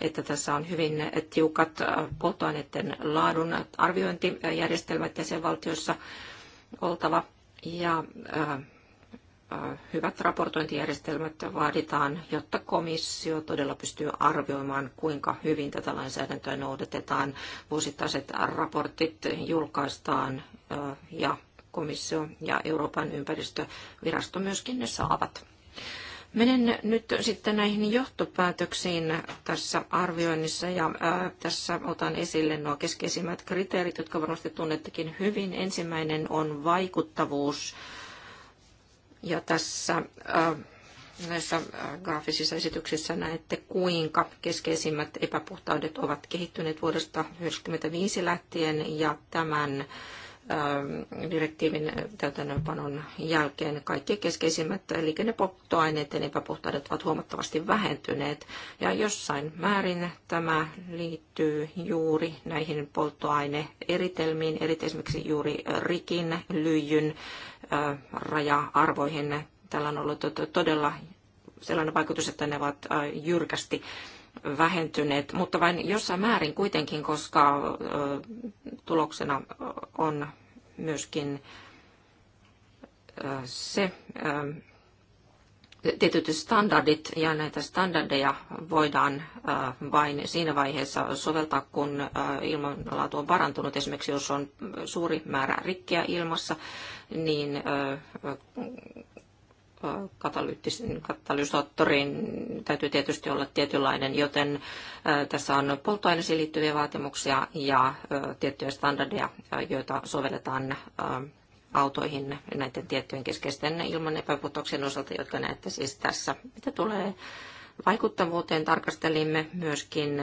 että tässä on hyvin tiukat polttoaineiden laadun arviointijärjestelmät jäsenvaltioissa oltava. Ja äh, Äh, hyvät raportointijärjestelmät vaaditaan, jotta komissio todella pystyy arvioimaan, kuinka hyvin tätä lainsäädäntöä noudatetaan. Vuosittaiset raportit julkaistaan äh, ja komissio ja Euroopan ympäristövirasto myöskin ne saavat. Menen nyt sitten näihin johtopäätöksiin tässä arvioinnissa ja ää, äh, tässä otan esille nuo keskeisimmät kriteerit, jotka varmasti tunnettekin hyvin. Ensimmäinen on vaikuttavuus. Ää, ja tässä näissä graafisissa esityksissä näette, kuinka keskeisimmät epäpuhtaudet ovat kehittyneet vuodesta 1995 lähtien ja tämän direktiivin täytäntöönpanon jälkeen kaikki keskeisimmät liikennepolttoaineiden epäpuhtaudet ovat huomattavasti vähentyneet. Ja jossain määrin tämä liittyy juuri näihin polttoaineeritelmiin, erityisesti juuri rikin, lyijyn raja-arvoihin. Tällä on ollut todella sellainen vaikutus, että ne ovat jyrkästi vähentyneet, mutta vain jossain määrin kuitenkin, koska tuloksena on myöskin se, tietyt standardit ja näitä standardeja voidaan vain siinä vaiheessa soveltaa, kun ilmanlaatu on parantunut. Esimerkiksi jos on suuri määrä rikkiä ilmassa, niin katalysaattorin täytyy tietysti olla tietynlainen, joten tässä on polttoaineisiin liittyviä vaatimuksia ja tiettyjä standardeja, joita sovelletaan autoihin näiden tiettyjen keskeisten ilman epäputoksen osalta, jotka näette siis tässä. Mitä tulee vaikuttavuuteen, tarkastelimme myöskin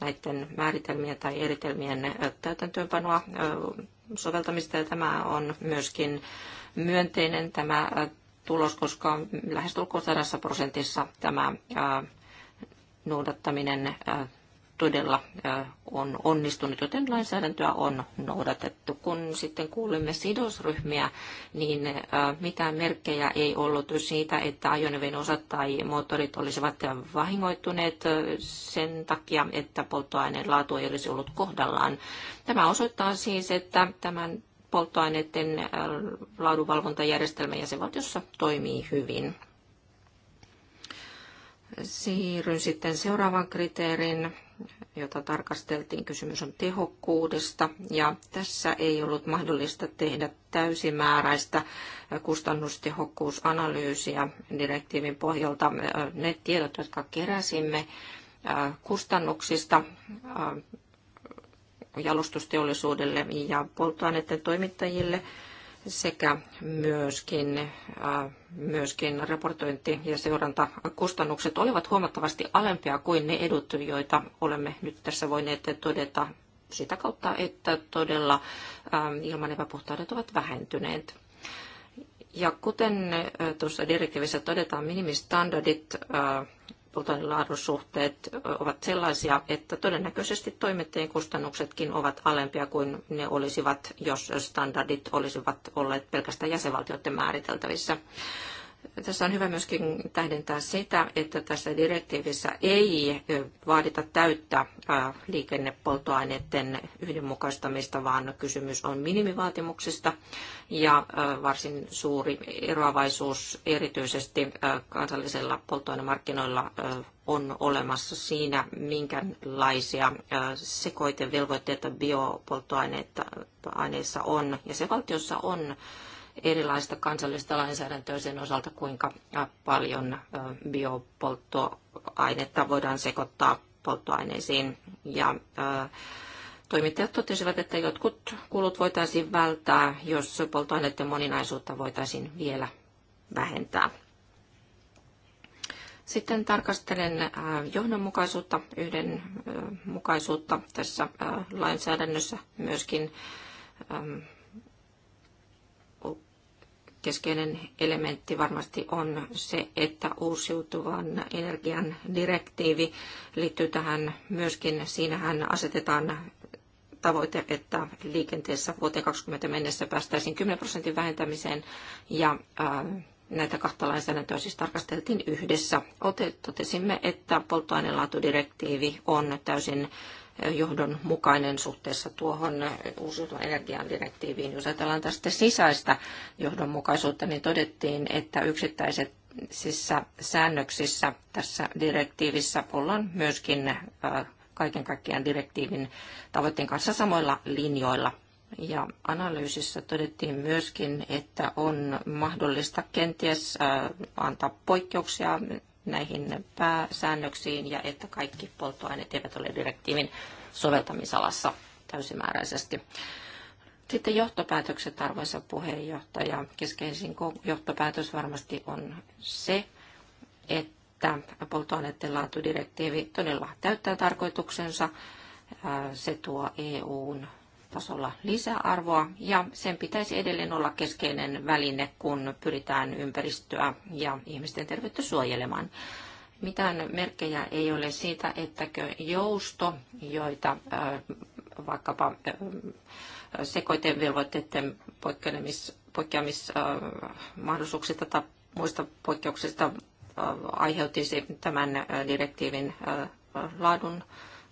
näiden määritelmien tai eritelmien täytäntöönpanoa soveltamista, ja tämä on myöskin myönteinen tämä tulos, koska lähestulkoon sadassa prosentissa tämä noudattaminen todella on onnistunut, joten lainsäädäntöä on noudatettu. Kun sitten kuulimme sidosryhmiä, niin mitään merkkejä ei ollut siitä, että ajoneuvon osat tai moottorit olisivat vahingoittuneet sen takia, että polttoaineen laatu ei olisi ollut kohdallaan. Tämä osoittaa siis, että tämän polttoaineiden laadunvalvontajärjestelmä jäsenvaltiossa toimii hyvin. Siirryn sitten seuraavan kriteerin jota tarkasteltiin. Kysymys on tehokkuudesta ja tässä ei ollut mahdollista tehdä täysimääräistä kustannustehokkuusanalyysiä direktiivin pohjalta. Ne tiedot, jotka keräsimme kustannuksista jalostusteollisuudelle ja polttoaineiden toimittajille, sekä myöskin, myöskin raportointi- ja seurantakustannukset olivat huomattavasti alempia kuin ne edut, joita olemme nyt tässä voineet todeta sitä kautta, että todella ilman epäpuhtaudet ovat vähentyneet. Ja kuten tuossa direktiivissä todetaan, minimistandardit tuoton ovat sellaisia, että todennäköisesti toimittajien kustannuksetkin ovat alempia kuin ne olisivat, jos standardit olisivat olleet pelkästään jäsenvaltioiden määriteltävissä. Tässä on hyvä myöskin tähdentää sitä, että tässä direktiivissä ei vaadita täyttä liikennepoltoaineiden yhdenmukaistamista, vaan kysymys on minimivaatimuksista ja varsin suuri eroavaisuus erityisesti kansallisella polttoainemarkkinoilla on olemassa siinä, minkälaisia sekoitevelvoitteita biopolttoaineissa on ja se valtiossa on erilaista kansallista lainsäädäntöä sen osalta, kuinka äh, paljon äh, biopolttoainetta voidaan sekoittaa polttoaineisiin. Ja äh, toimittajat totesivat, että jotkut kulut voitaisiin välttää, jos polttoaineiden moninaisuutta voitaisiin vielä vähentää. Sitten tarkastelen johdonmukaisuutta, yhdenmukaisuutta tässä lainsäädännössä myöskin ähm, keskeinen elementti varmasti on se, että uusiutuvan energian direktiivi liittyy tähän myöskin. Siinähän asetetaan tavoite, että liikenteessä vuoteen 2020 mennessä päästäisiin 10 prosentin vähentämiseen ja näitä kahta lainsäädäntöä siis tarkasteltiin yhdessä. Totesimme, että polttoainelaatudirektiivi on täysin johdonmukainen suhteessa tuohon uusiutuvan energian direktiiviin. Jos ajatellaan tästä sisäistä johdonmukaisuutta, niin todettiin, että yksittäiset säännöksissä tässä direktiivissä ollaan myöskin äh, kaiken kaikkiaan direktiivin tavoitteen kanssa samoilla linjoilla. Ja analyysissä todettiin myöskin, että on mahdollista kenties äh, antaa poikkeuksia näihin pääsäännöksiin ja että kaikki polttoaineet eivät ole direktiivin soveltamisalassa täysimääräisesti. Sitten johtopäätökset, arvoisa puheenjohtaja. Keskeisin johtopäätös varmasti on se, että polttoaineiden laatudirektiivi todella täyttää tarkoituksensa. Se tuo EUn tasolla lisäarvoa ja sen pitäisi edelleen olla keskeinen väline, kun pyritään ympäristöä ja ihmisten terveyttä suojelemaan. Mitään merkkejä ei ole siitä, ettäkö jousto, joita vaikkapa sekoitevelvoitteiden poikkeamis, poikkeamismahdollisuuksista tai muista poikkeuksista aiheutisi tämän direktiivin laadun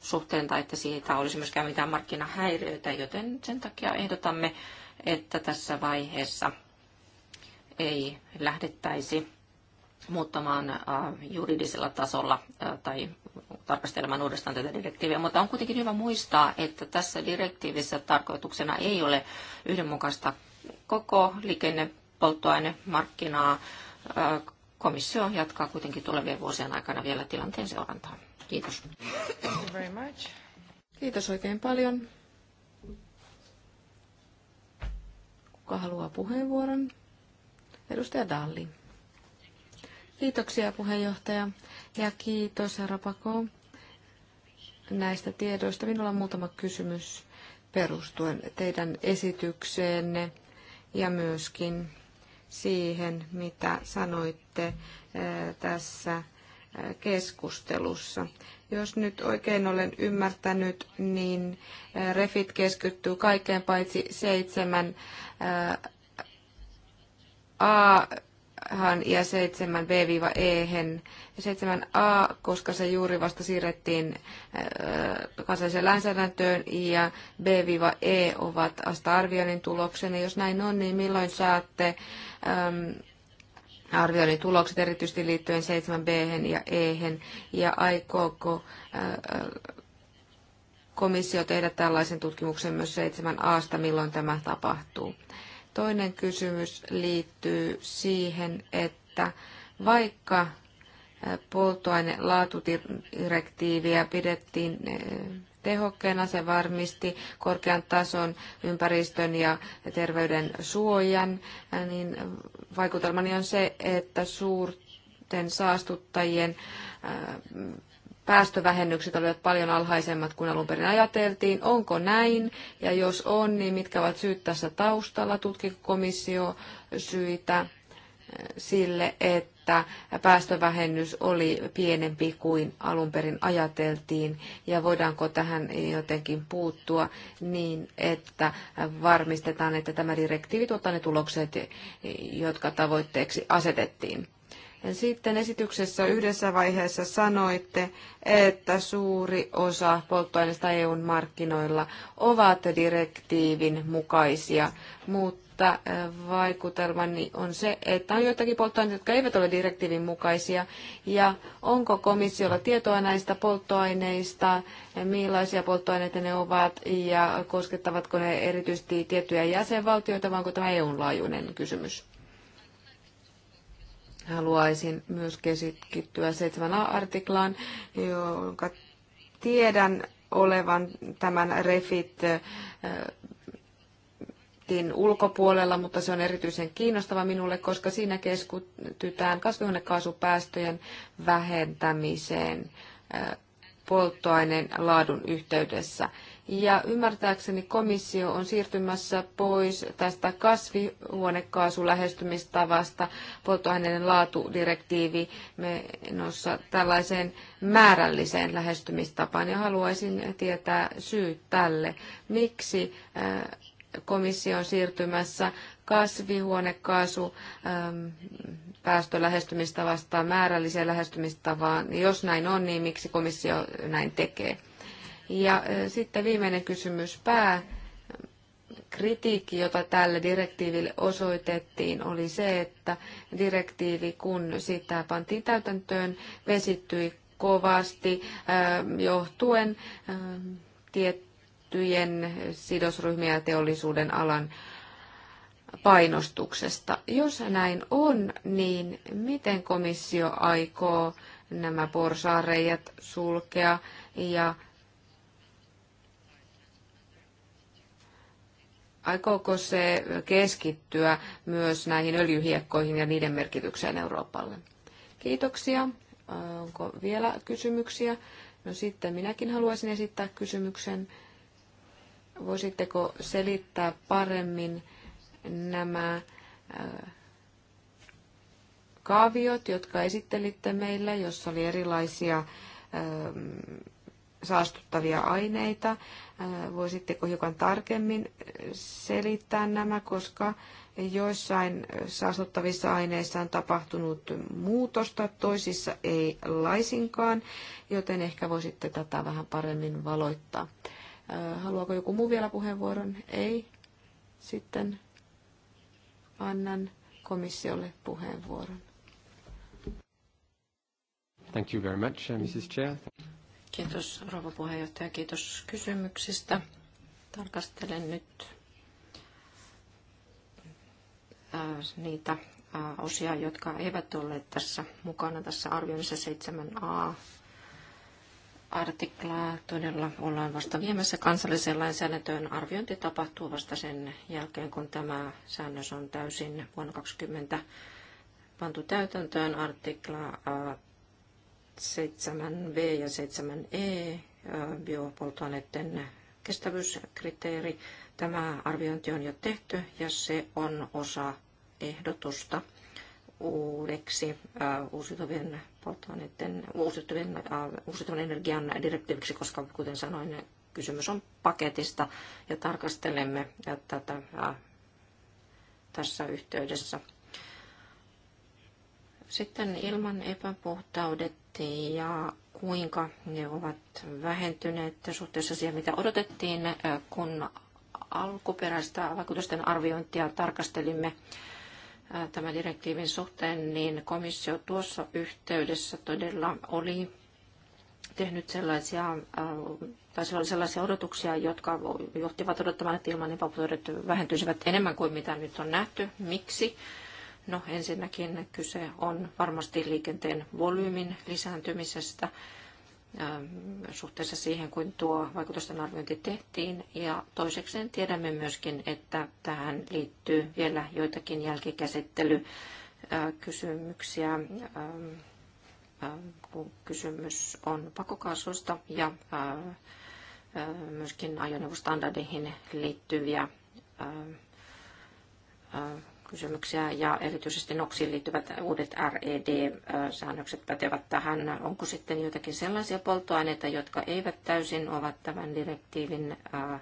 suhteen tai että siitä olisi myöskään mitään markkinahäiriöitä, joten sen takia ehdotamme, että tässä vaiheessa ei lähdettäisi muuttamaan äh, juridisella tasolla äh, tai tarkastelemaan uudestaan tätä direktiiviä, mutta on kuitenkin hyvä muistaa, että tässä direktiivissä tarkoituksena ei ole yhdenmukaista koko liikennepolttoainemarkkinaa. Äh, komissio jatkaa kuitenkin tulevien vuosien aikana vielä tilanteen seurantaa. Kiitos. Thank you very much. Kiitos oikein paljon. Kuka haluaa puheenvuoron? Edustaja Dalli. Kiitoksia puheenjohtaja ja kiitos herra Pako näistä tiedoista. Minulla on muutama kysymys perustuen teidän esitykseenne ja myöskin siihen, mitä sanoitte eh, tässä keskustelussa. Jos nyt oikein olen ymmärtänyt, niin refit keskittyy kaikkeen paitsi seitsemän A ja 7B-E. Ja 7A, koska se juuri vasta siirrettiin kansalliseen lainsäädäntöön, ja B-E ovat asta arvioinnin tuloksena. Jos näin on, niin milloin saatte arvioi tulokset erityisesti liittyen 7b ja e -hen, ja aikooko komissio tehdä tällaisen tutkimuksen myös 7 a milloin tämä tapahtuu. Toinen kysymys liittyy siihen, että vaikka polttoainelaatudirektiiviä pidettiin tehokkeena. Se varmisti korkean tason ympäristön ja terveyden suojan. Niin vaikutelmani on se, että suurten saastuttajien äh, päästövähennykset olivat paljon alhaisemmat kuin alun perin ajateltiin. Onko näin? Ja jos on, niin mitkä ovat syyt tässä taustalla? Tutkiko komissio syitä? sille, että päästövähennys oli pienempi kuin alun perin ajateltiin ja voidaanko tähän jotenkin puuttua niin, että varmistetaan, että tämä direktiivi tuottaa ne tulokset, jotka tavoitteeksi asetettiin. Sitten esityksessä yhdessä vaiheessa sanoitte, että suuri osa polttoaineista EUn markkinoilla ovat direktiivin mukaisia, mutta että äh, vaikutelmani on se, että on joitakin polttoaineita, jotka eivät ole direktiivin mukaisia, ja onko komissiolla tietoa näistä polttoaineista, millaisia polttoaineita ne ovat, ja koskettavatko ne erityisesti tiettyjä jäsenvaltioita, vai onko tämä EUn laajuinen kysymys? Haluaisin myös keskittyä 7a artiklaan, jonka tiedän olevan tämän refit äh, budjetin ulkopuolella, mutta se on erityisen kiinnostava minulle, koska siinä keskitytään kasvihuonekaasupäästöjen vähentämiseen polttoaineen laadun yhteydessä. Ja ymmärtääkseni komissio on siirtymässä pois tästä kasvihuonekaasulähestymistavasta polttoaineiden laatudirektiivi menossa tällaiseen määrälliseen lähestymistapaan. Ja haluaisin tietää syyt tälle, miksi komissio on siirtymässä kasvihuonekaasu ähm, päästölähestymistavasta määrälliseen lähestymistavaan. Jos näin on, niin miksi komissio näin tekee? Ja äh, sitten viimeinen kysymys. Pää kritiikki, jota tälle direktiiville osoitettiin, oli se, että direktiivi, kun sitä pantiin täytäntöön, vesittyi kovasti ähm, johtuen ähm, tiet tiettyjen sidosryhmien ja teollisuuden alan painostuksesta. Jos näin on, niin miten komissio aikoo nämä porsaareijat sulkea ja aikooko se keskittyä myös näihin öljyhiekkoihin ja niiden merkitykseen Euroopalle? Kiitoksia. Onko vielä kysymyksiä? No sitten minäkin haluaisin esittää kysymyksen. Voisitteko selittää paremmin nämä äh, kaaviot, jotka esittelitte meille, jossa oli erilaisia ähm, saastuttavia aineita. Äh, voisitteko hiukan tarkemmin äh, selittää nämä, koska joissain saastuttavissa aineissa on tapahtunut muutosta, toisissa ei laisinkaan, joten ehkä voisitte tätä vähän paremmin valoittaa. Äh, haluaako joku muu vielä puheenvuoron? Ei. Sitten annan komissiolle puheenvuoron. Thank you very much, uh, Mrs. Chair. Kiitos rouva puheenjohtaja, kiitos kysymyksistä. Tarkastelen nyt äh, niitä äh, osia, jotka eivät olleet tässä mukana tässä arvioinnissa 7a artiklaa todella ollaan vasta viemässä kansalliseen lainsäädäntöön. Arviointi tapahtuu vasta sen jälkeen, kun tämä säännös on täysin vuonna 2020 pantu täytäntöön. Artikla 7b ja 7e biopolttoaineiden kestävyyskriteeri. Tämä arviointi on jo tehty ja se on osa ehdotusta uudeksi äh, uusiutuvien polttoaineiden, uusiutuvien, äh, uusiutuvan energian direktiiviksi, koska kuten sanoin, kysymys on paketista ja tarkastelemme äh, tätä tässä yhteydessä. Sitten ilman epäpuhtaudet ja kuinka ne ovat vähentyneet suhteessa siihen, mitä odotettiin, kun alkuperäistä vaikutusten arviointia tarkastelimme tämän direktiivin suhteen, niin komissio tuossa yhteydessä todella oli tehnyt sellaisia, tai oli sellaisia odotuksia, jotka johtivat odottamaan, että ilman epäpuolet vähentyisivät enemmän kuin mitä nyt on nähty. Miksi? No ensinnäkin kyse on varmasti liikenteen volyymin lisääntymisestä suhteessa siihen, kuin tuo vaikutusten arviointi tehtiin. Ja toisekseen tiedämme myöskin, että tähän liittyy vielä joitakin jälkikäsittelykysymyksiä, kun kysymys on pakokaasusta ja myöskin ajoneuvostandardeihin liittyviä kysymyksiä ja erityisesti NOXiin liittyvät uudet RED-säännökset pätevät tähän. Onko sitten jotakin sellaisia polttoaineita, jotka eivät täysin ovat tämän direktiivin äh,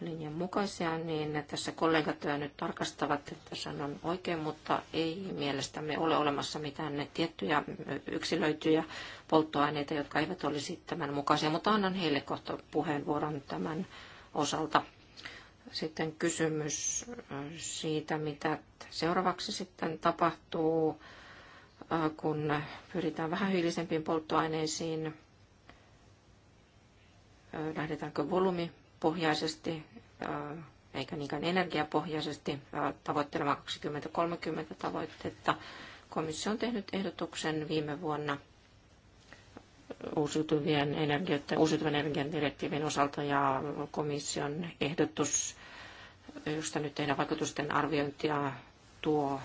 linjan mukaisia, niin tässä kollegat nyt tarkastavat, että sanon oikein, mutta ei mielestämme ole olemassa mitään tiettyjä yksilöityjä polttoaineita, jotka eivät olisi tämän mukaisia, mutta annan heille kohta puheenvuoron tämän osalta. Sitten kysymys siitä, mitä seuraavaksi sitten tapahtuu, kun pyritään vähän hiilisempiin polttoaineisiin. Lähdetäänkö volyymipohjaisesti eikä niinkään energiapohjaisesti tavoittelemaan 2030 tavoitteetta. Komissio on tehnyt ehdotuksen viime vuonna uusiutuvien energioiden, uusiutuvan energian direktiivin osalta ja komission ehdotus josta nyt tehdään vaikutusten arviointia, tuo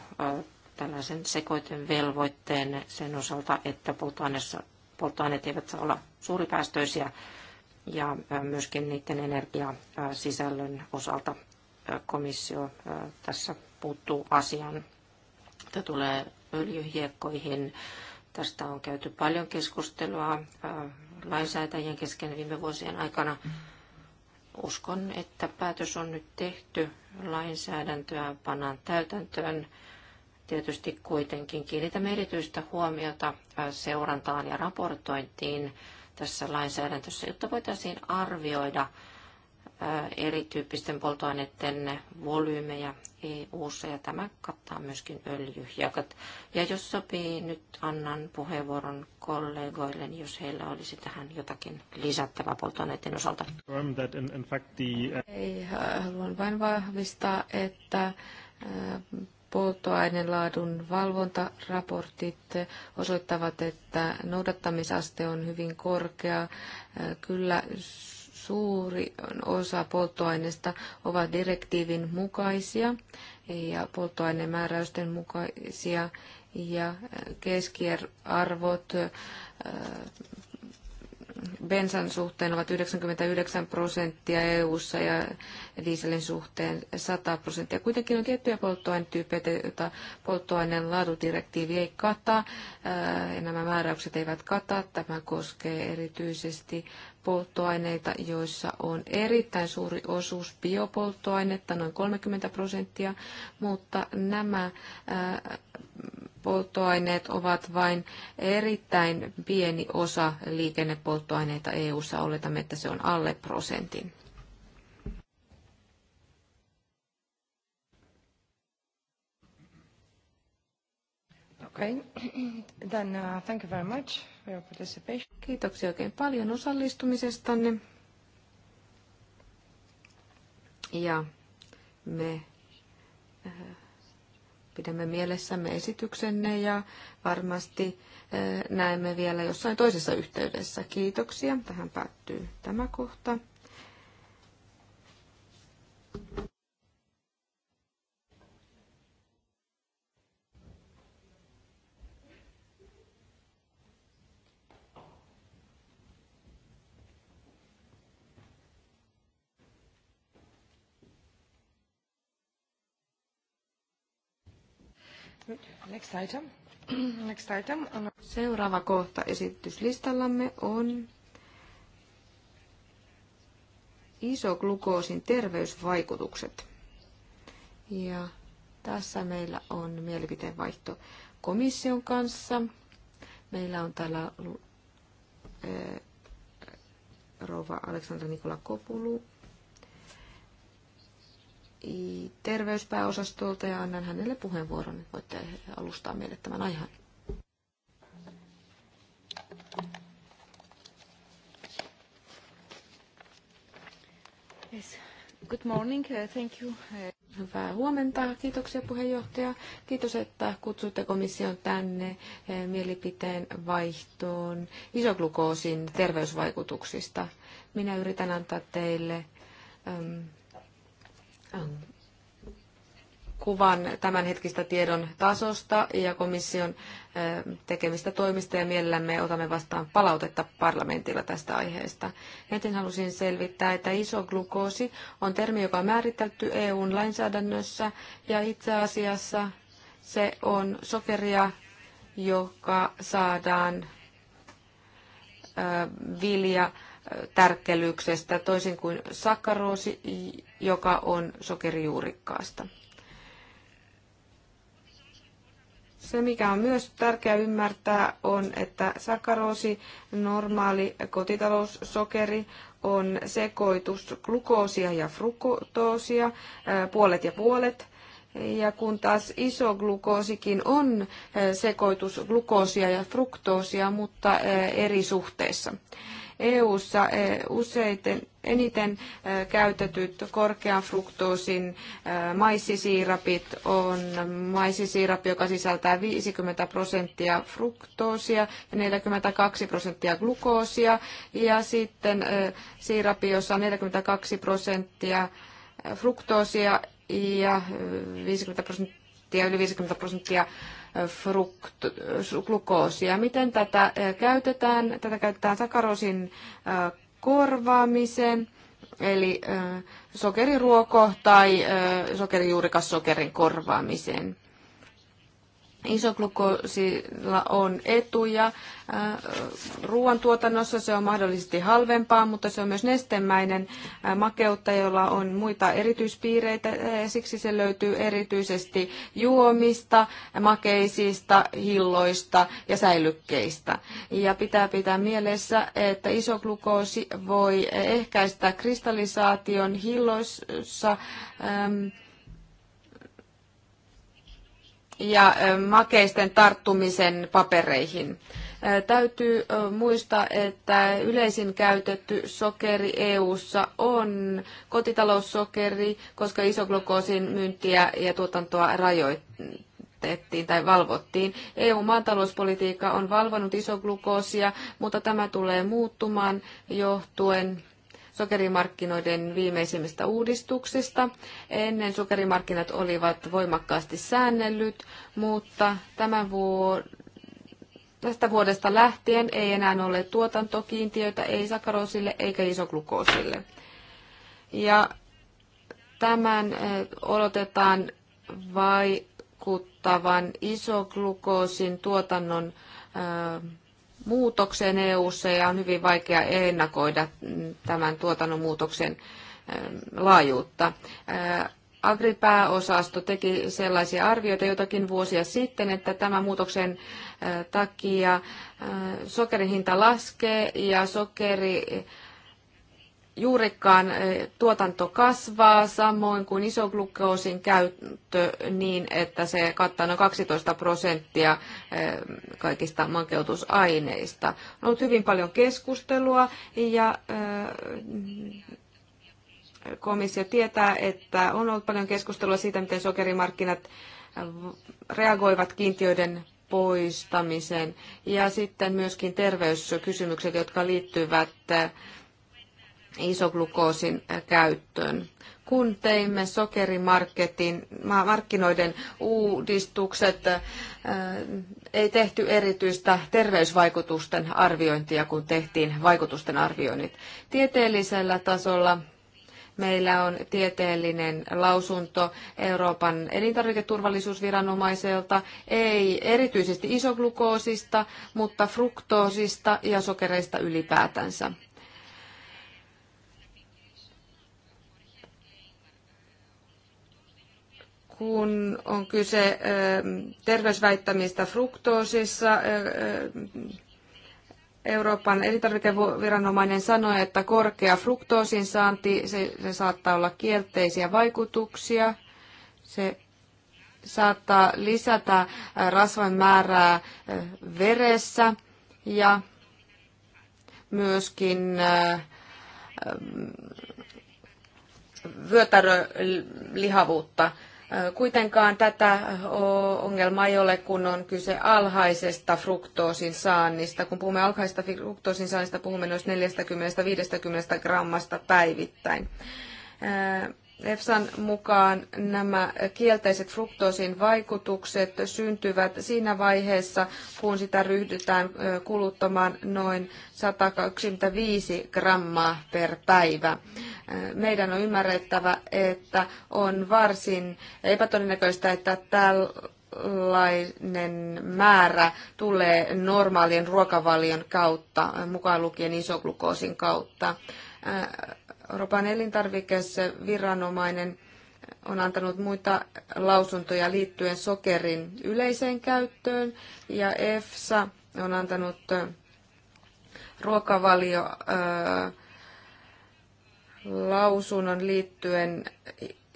tällaisen sekoiten velvoitteen sen osalta, että polttoaineet eivät saa olla suuripäästöisiä ja myöskin niiden energiasisällön osalta komissio tässä puuttuu asiaan. Mitä tulee öljyhiekkoihin, tästä on käyty paljon keskustelua lainsäätäjien kesken viime vuosien aikana. Mm uskon, että päätös on nyt tehty, lainsäädäntöä pannaan täytäntöön. Tietysti kuitenkin kiinnitämme erityistä huomiota seurantaan ja raportointiin tässä lainsäädäntössä, jotta voitaisiin arvioida, erityyppisten polttoaineiden volyymeja EU-ssa ja tämä kattaa myöskin öljyjakat. Ja jos sopii, nyt annan puheenvuoron kollegoille, niin jos heillä olisi tähän jotakin lisättävää polttoaineiden osalta. Uh, Ei, äh, haluan vain vahvistaa, että äh, polttoaineen laadun valvontaraportit osoittavat, että noudattamisaste on hyvin korkea. Äh, kyllä suuri osa polttoaineista ovat direktiivin mukaisia ja polttoainemääräysten mukaisia ja keskiarvot bensan suhteen ovat 99 prosenttia EU-ssa ja dieselin suhteen 100 prosenttia. Kuitenkin on tiettyjä polttoainetyyppejä, joita polttoaineen laadudirektiivi ei kata. Ja nämä määräykset eivät kata. Tämä koskee erityisesti polttoaineita, joissa on erittäin suuri osuus biopolttoainetta, noin 30 prosenttia, mutta nämä äh, polttoaineet ovat vain erittäin pieni osa liikennepolttoaineita EU-ssa. Oletamme, että se on alle prosentin. Okay. Then, uh, thank you very much. Kiitoksia oikein paljon osallistumisestanne. Ja me äh, pidämme mielessämme esityksenne ja varmasti äh, näemme vielä jossain toisessa yhteydessä. Kiitoksia. Tähän päättyy tämä kohta. Next item. Next item. Seuraava kohta esityslistallamme on isoglukoosin terveysvaikutukset. Ja tässä meillä on mielipiteenvaihto komission kanssa. Meillä on täällä eh, rouva Aleksandra Nikola Kopulu, terveyspääosastolta ja annan hänelle puheenvuoron. Voitte alustaa meille tämän aiheen. Yes. Good morning. Uh, thank you. Uh, Hyvää huomenta. Kiitoksia puheenjohtaja. Kiitos, että kutsutte komission tänne uh, mielipiteen vaihtoon isoglukoosin terveysvaikutuksista. Minä yritän antaa teille um, kuvan tämänhetkistä tiedon tasosta ja komission tekemistä toimista ja mielellämme otamme vastaan palautetta parlamentilla tästä aiheesta. Ensin halusin selvittää, että isoglukoosi on termi, joka on määritelty EUn lainsäädännössä ja itse asiassa se on sokeria, joka saadaan vilja tärkkelyksestä, toisin kuin sakkaroosi, joka on sokerijuurikkaasta. Se, mikä on myös tärkeää ymmärtää, on, että sakkaroosi, normaali kotitaloussokeri, on sekoitus glukoosia ja fruktoosia, äh, puolet ja puolet. Ja kun taas iso glukoosikin on äh, sekoitus glukoosia ja fruktoosia, mutta äh, eri suhteessa. EU-ssa e, useiten eniten e, käytetyt korkean fruktoosin e, maissisiirapit on maissisiirappi, joka sisältää 50 prosenttia fruktoosia ja 42 prosenttia glukoosia ja sitten siirapi, jossa on 42 prosenttia fruktoosia ja 50 prosenttia, yli 50 prosenttia frukt, glukoosia. Miten tätä käytetään? Tätä käytetään sakarosin korvaamiseen, eli sokeriruoko tai sokerijuurikas sokerin korvaamiseen. Isoglukoosilla on etuja. Äh, ruoantuotannossa se on mahdollisesti halvempaa, mutta se on myös nestemäinen äh, makeutta, jolla on muita erityispiireitä. Äh, siksi se löytyy erityisesti juomista, makeisista, hilloista ja säilykkeistä. Ja pitää pitää mielessä, että isoglukoosi voi ehkäistä kristallisaation hilloissa. Ähm, ja makeisten tarttumisen papereihin. Täytyy muistaa, että yleisin käytetty sokeri EU:ssa on kotitaloussokeri, koska isoglukoosin myyntiä ja tuotantoa rajoitettiin tai valvottiin. EU-maatalouspolitiikka on valvonut isoglukoosia, mutta tämä tulee muuttumaan johtuen sokerimarkkinoiden viimeisimmistä uudistuksista. Ennen sokerimarkkinat olivat voimakkaasti säännellyt, mutta tämän vuoden Tästä vuodesta lähtien ei enää ole tuotantokiintiöitä, ei sakarosille eikä isoglukoosille. Ja tämän odotetaan vaikuttavan isoglukoosin tuotannon muutokseen EU:ssa ja on hyvin vaikea ennakoida tämän tuotannon muutoksen ähm, laajuutta. Äh, Agri-pääosasto teki sellaisia arvioita jotakin vuosia sitten, että tämän muutoksen äh, takia äh, sokerin hinta laskee ja sokeri juurikkaan eh, tuotanto kasvaa, samoin kuin isoglukoosin käyttö niin, että se kattaa noin 12 prosenttia eh, kaikista makeutusaineista. On ollut hyvin paljon keskustelua ja eh, komissio tietää, että on ollut paljon keskustelua siitä, miten sokerimarkkinat reagoivat kiintiöiden poistamiseen, ja sitten myöskin terveyskysymykset, jotka liittyvät isoglukoosin käyttöön. Kun teimme sokerimarketin, markkinoiden uudistukset, ei tehty erityistä terveysvaikutusten arviointia, kun tehtiin vaikutusten arvioinnit. Tieteellisellä tasolla meillä on tieteellinen lausunto Euroopan elintarviketurvallisuusviranomaiselta, ei erityisesti isoglukoosista, mutta fruktoosista ja sokereista ylipäätänsä. kun on kyse ähm, terveysväittämistä fruktoosissa. Äh, äh, Euroopan elintarvikeviranomainen sanoi, että korkea fruktoosin saanti, se, se saattaa olla kielteisiä vaikutuksia. Se saattaa lisätä äh, rasvan määrää veressä ja myöskin mm, vyötärölihavuutta. Kuitenkaan tätä ongelmaa ei ole, kun on kyse alhaisesta fruktoosin saannista. Kun puhumme alhaisesta fruktoosin saannista, puhumme noin 40-50 grammasta päivittäin. EFSAn mukaan nämä kielteiset fruktoosin vaikutukset syntyvät siinä vaiheessa, kun sitä ryhdytään kuluttamaan noin 125 grammaa per päivä. Meidän on ymmärrettävä, että on varsin epätodennäköistä, että tällainen määrä tulee normaalien ruokavalion kautta, mukaan lukien isoglukoosin kautta. Euroopan elintarvikeviranomainen on antanut muita lausuntoja liittyen sokerin yleiseen käyttöön ja EFSA on antanut ruokavalio lausunnon liittyen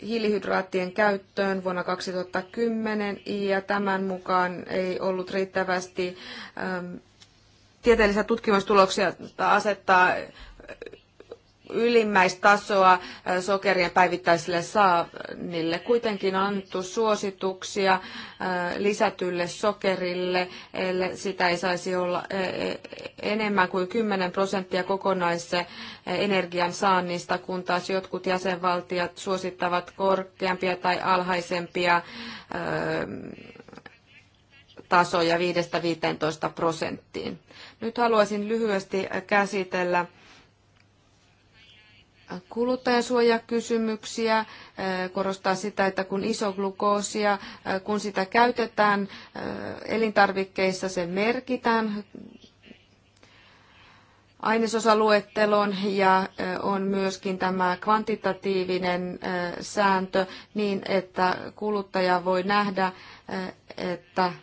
hiilihydraattien käyttöön vuonna 2010 ja tämän mukaan ei ollut riittävästi ähm, tieteellisiä tutkimustuloksia asettaa ylimmäistasoa äh, sokerien päivittäiselle saannille. Kuitenkin on annettu suosituksia äh, lisätylle sokerille, sitä ei saisi olla e, e, enemmän kuin 10 prosenttia e, energian saannista, kun taas jotkut jäsenvaltiot suosittavat korkeampia tai alhaisempia tasoja 5-15 prosenttiin. Nyt haluaisin lyhyesti käsitellä kuluttajasuojakysymyksiä, äh, korostaa sitä, että kun isoglukoosia, äh, kun sitä käytetään äh, elintarvikkeissa, se merkitään ainesosaluetteloon ja on myöskin tämä kvantitatiivinen sääntö niin, että kuluttaja voi nähdä, että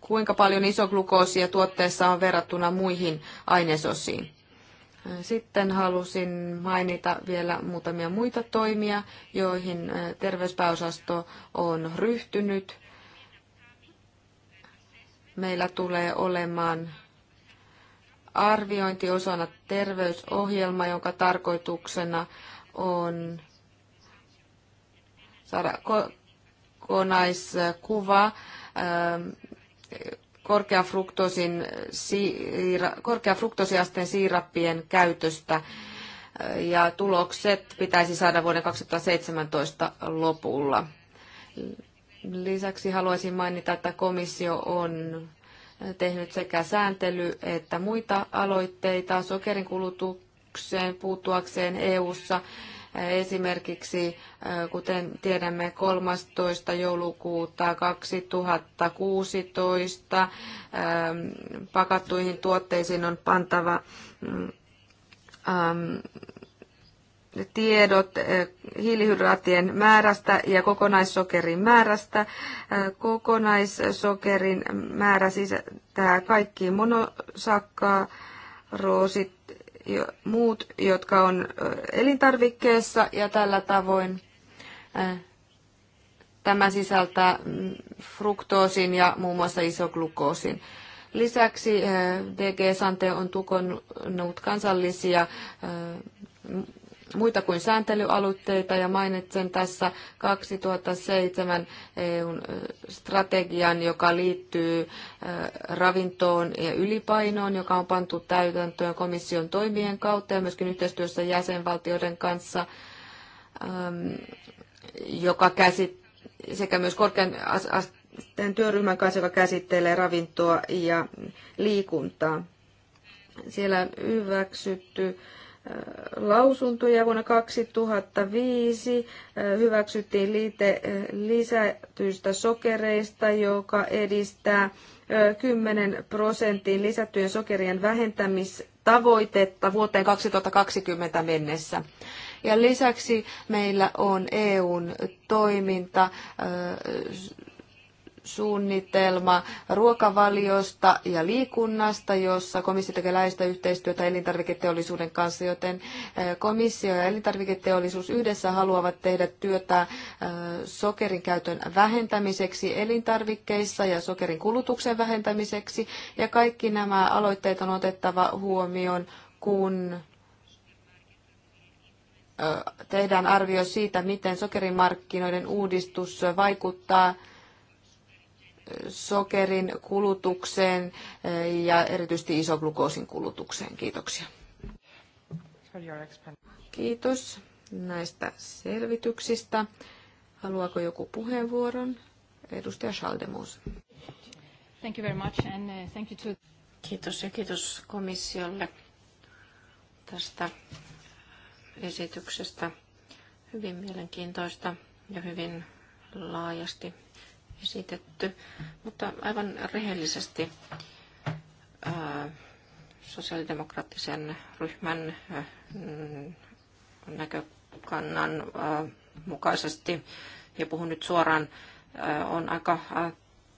kuinka paljon isoglukoosia tuotteessa on verrattuna muihin ainesosiin. Sitten halusin mainita vielä muutamia muita toimia, joihin äh, terveyspääosasto on ryhtynyt. Meillä tulee olemaan arviointi osana terveysohjelma, jonka tarkoituksena on saada kokonaiskuva ähm, korkeafruktoosin, siira, korkeafruktoosiasteen siirappien käytöstä ja tulokset pitäisi saada vuoden 2017 lopulla. Lisäksi haluaisin mainita, että komissio on tehnyt sekä sääntely- että muita aloitteita sokerin kulutukseen puuttuakseen EU-ssa Esimerkiksi, äh, kuten tiedämme, 13. joulukuuta 2016 ähm, pakattuihin tuotteisiin on pantava mm, ähm, tiedot äh, hiilihydraattien määrästä ja kokonaissokerin määrästä. Äh, kokonaissokerin määrä sisältää kaikki monosakkaroosit muut, jotka on elintarvikkeessa ja tällä tavoin tämä sisältää mm, fruktoosin ja muun muassa isoglukoosin. Lisäksi DG Sante on tukonut kansallisia muita kuin sääntelyaloitteita ja mainitsen tässä 2007 EUn strategian, joka liittyy ravintoon ja ylipainoon, joka on pantu täytäntöön komission toimien kautta ja myöskin yhteistyössä jäsenvaltioiden kanssa, joka käsit, sekä myös korkean asteen työryhmän kanssa, joka käsittelee ravintoa ja liikuntaa. Siellä on hyväksytty äh, lausuntoja. Vuonna 2005 hyväksyttiin liite lisätyistä sokereista, joka edistää 10 prosentin lisättyjen sokerien vähentämistavoitetta vuoteen 2020 mennessä. Ja lisäksi meillä on EUn toiminta suunnitelma ruokavaliosta ja liikunnasta, jossa komissio tekee läheistä yhteistyötä elintarviketeollisuuden kanssa, joten eh, komissio ja elintarviketeollisuus yhdessä haluavat tehdä työtä eh, sokerin käytön vähentämiseksi elintarvikkeissa ja sokerin kulutuksen vähentämiseksi, ja kaikki nämä aloitteet on otettava huomioon, kun eh, tehdään arvio siitä, miten sokerimarkkinoiden uudistus vaikuttaa sokerin kulutukseen eh, ja erityisesti isoglukoosin kulutukseen. Kiitoksia. Kiitos näistä selvityksistä. Haluaako joku puheenvuoron? Edustaja Schaldemus. Thank you very much and eh, thank you to... Kiitos ja kiitos komissiolle tästä esityksestä. Hyvin mielenkiintoista ja hyvin laajasti esitetty, mutta aivan rehellisesti sosiaalidemokraattisen ryhmän mm, näkökannan mukaisesti, ja puhun nyt suoraan, on aika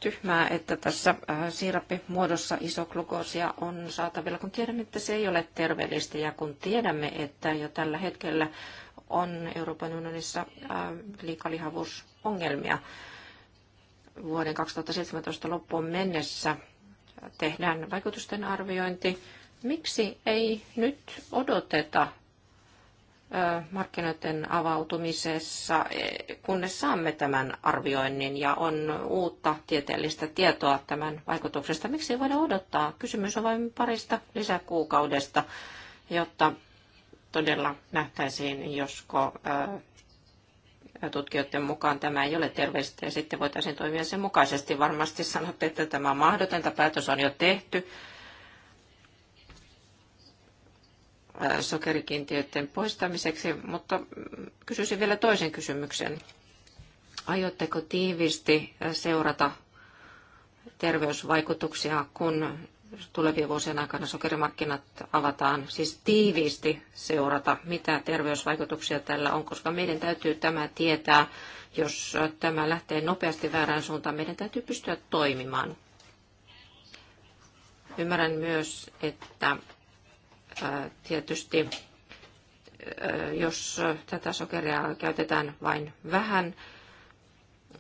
tyhmää, että tässä siirappimuodossa isoglukoosia on saatavilla, kun tiedämme, että se ei ole terveellistä ja kun tiedämme, että jo tällä hetkellä on Euroopan unionissa liikalihavuusongelmia vuoden 2017 loppuun mennessä tehdään vaikutusten arviointi. Miksi ei nyt odoteta markkinoiden avautumisessa, e, kunnes saamme tämän arvioinnin ja on uutta tieteellistä tietoa tämän vaikutuksesta. Miksi ei voida odottaa? Kysymys on vain parista lisäkuukaudesta, jotta todella nähtäisiin, josko tutkijoiden mukaan tämä ei ole terveellistä ja sitten voitaisiin toimia sen mukaisesti. Varmasti sanotte, että tämä on mahdotonta, päätös on jo tehty. sokerikiintiöiden poistamiseksi, mutta kysyisin vielä toisen kysymyksen. Aiotteko tiiviisti seurata terveysvaikutuksia, kun tulevien vuosien aikana sokerimarkkinat avataan, siis tiiviisti seurata, mitä terveysvaikutuksia tällä on, koska meidän täytyy tämä tietää. Jos tämä lähtee nopeasti väärään suuntaan, meidän täytyy pystyä toimimaan. Ymmärrän myös, että tietysti jos tätä sokeria käytetään vain vähän,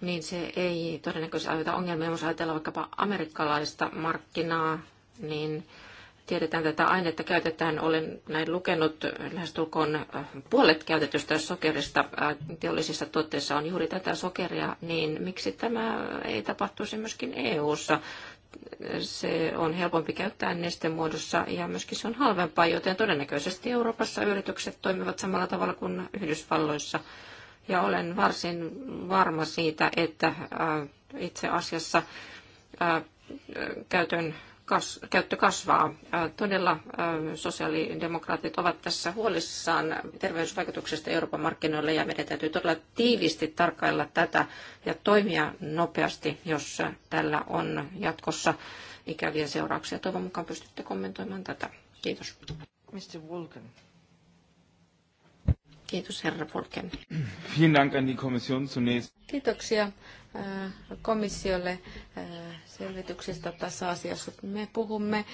niin se ei todennäköisesti aiheuta ongelmia, jos ajatellaan vaikkapa amerikkalaista markkinaa, niin tiedetään tätä ainetta käytetään. Olen näin lukenut tulkoon äh, puolet käytetystä sokerista äh, teollisissa tuotteissa on juuri tätä sokeria, niin miksi tämä ei tapahtuisi myöskin EU-ssa? se on helpompi käyttää nesten muodossa ja myöskin se on halvempaa, joten todennäköisesti Euroopassa yritykset toimivat samalla tavalla kuin Yhdysvalloissa. Ja olen varsin varma siitä, että äh, itse asiassa käytön kas, käyttö kasvaa. Todella sosiaalidemokraatit ovat tässä huolissaan terveysvaikutuksesta Euroopan markkinoille ja meidän täytyy todella tiivisti tarkkailla tätä ja toimia nopeasti, jos tällä on jatkossa ikäviä seurauksia. Toivon mukaan pystytte kommentoimaan tätä. Kiitos. Mr. Wolken. Kiitos, herra Wolken. Kiitoksia komissiolle selvityksestä tässä asiassa. Me puhumme